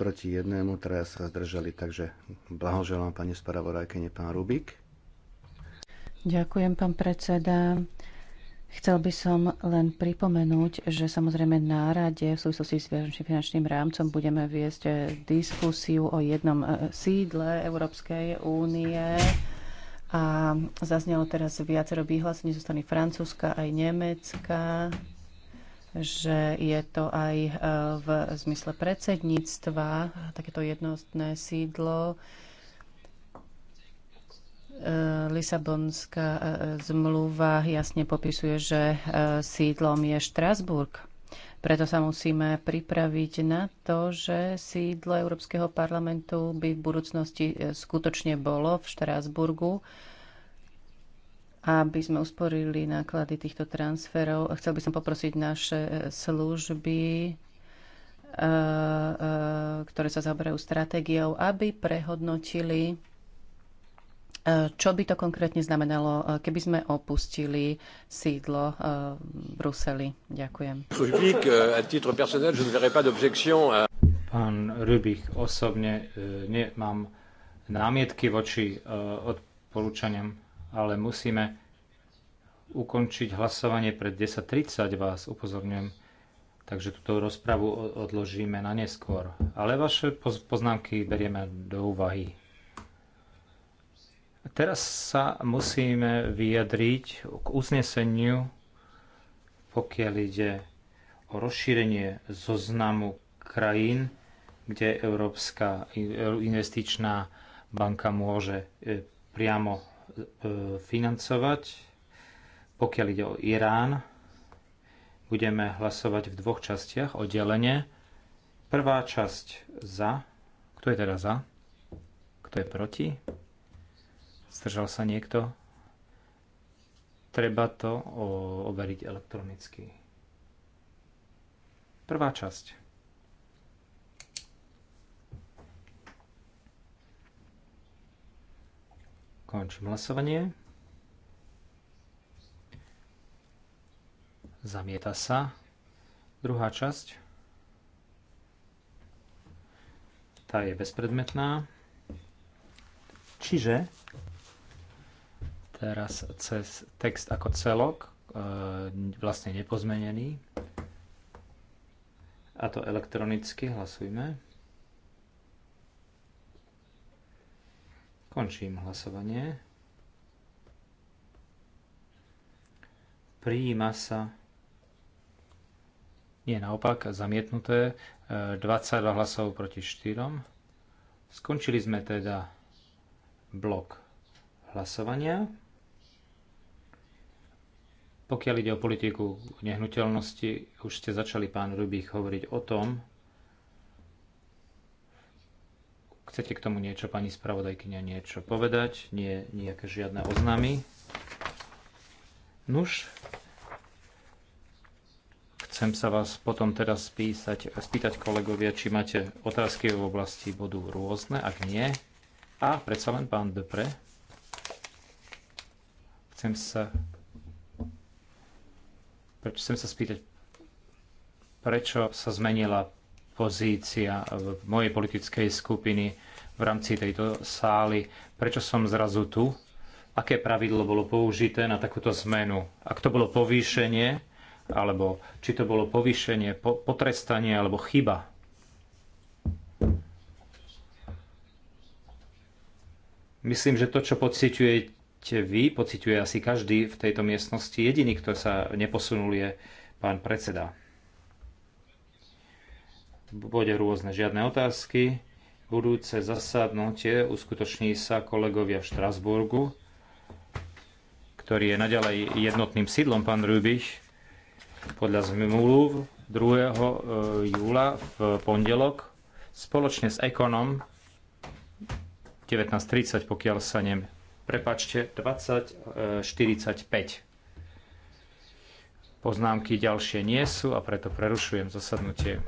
S3: proti jednému, traja sa zdržali, takže blahoželám pani spravodajkyni pán Rubik.
S2: Ďakujem, pán predseda. Chcel by som len pripomenúť, že samozrejme na rade v súvislosti s finančným finančným rámcom budeme viesť eh, diskusiu o jednom eh, sídle Európskej únie a zaznelo teraz viacero výhlasení zo strany Francúzska aj Nemecka, že je to aj eh, v zmysle predsedníctva takéto jednotné sídlo. E, Lisabonská e, e, zmluva jasne popisuje, že sídlom je Štrasburg. Preto sa musíme pripraviť na to, že sídlo Európskeho parlamentu by v budúcnosti skutočne bolo v Štrásburgu, aby sme usporili náklady týchto transferov. Chcel by som poprosiť naše služby, ktoré sa zaoberajú stratégiou, aby prehodnotili E, čo by to konkrétne znamenalo, e, keby sme opustili sídlo e, v Bruseli? Ďakujem.
S1: Euh. Pán Rubich, osobne nemám námietky voči odporúčaniam, ale musíme ukončiť hlasovanie pred 10.30, vás upozorňujem. Takže túto rozpravu odložíme na neskôr. Ale vaše poznámky berieme do úvahy. Teraz sa musíme vyjadriť k uzneseniu, pokiaľ ide o rozšírenie zoznamu krajín, kde Európska investičná banka môže e, priamo e, financovať. Pokiaľ ide o Irán, budeme hlasovať v dvoch častiach oddelenie. Prvá časť za. Kto je teda za? Kto je proti? Zdržal sa niekto? Treba to overiť elektronicky. Prvá časť. Končím hlasovanie. Zamieta sa. Druhá časť. Tá je bezpredmetná. Čiže teraz cez text ako celok, e, vlastne nepozmenený. A to elektronicky hlasujme. Končím hlasovanie. Prijíma sa nie, naopak, zamietnuté. 22 e, hlasov proti 4. Skončili sme teda blok hlasovania. Pokiaľ ide o politiku nehnuteľnosti, už ste začali, pán Rubík, hovoriť o tom. Chcete k tomu niečo, pani spravodajkyňa, niečo povedať? Nie, nejaké žiadne oznámy? Nuž, chcem sa vás potom teraz spísať, spýtať kolegovia, či máte otázky v oblasti bodu rôzne, ak nie. A predsa len pán Depre. Chcem sa Preč, chcem sa spýtať, prečo sa zmenila pozícia v mojej politickej skupiny v rámci tejto sály? Prečo som zrazu tu? Aké pravidlo bolo použité na takúto zmenu? Ak to bolo povýšenie, alebo či to bolo povýšenie, potrestanie alebo chyba? Myslím, že to, čo pociťujete, vy, pociťuje asi každý v tejto miestnosti. Jediný, kto sa neposunul, je pán predseda. Bude rôzne žiadne otázky. Budúce zasadnutie uskutoční sa kolegovia v Štrasburgu, ktorý je naďalej jednotným sídlom, pán Rubiš, podľa zmluv 2. E, júla v pondelok spoločne s Ekonom 19.30, pokiaľ sa nem prepačte, 2045. E, Poznámky ďalšie nie sú a preto prerušujem zasadnutie.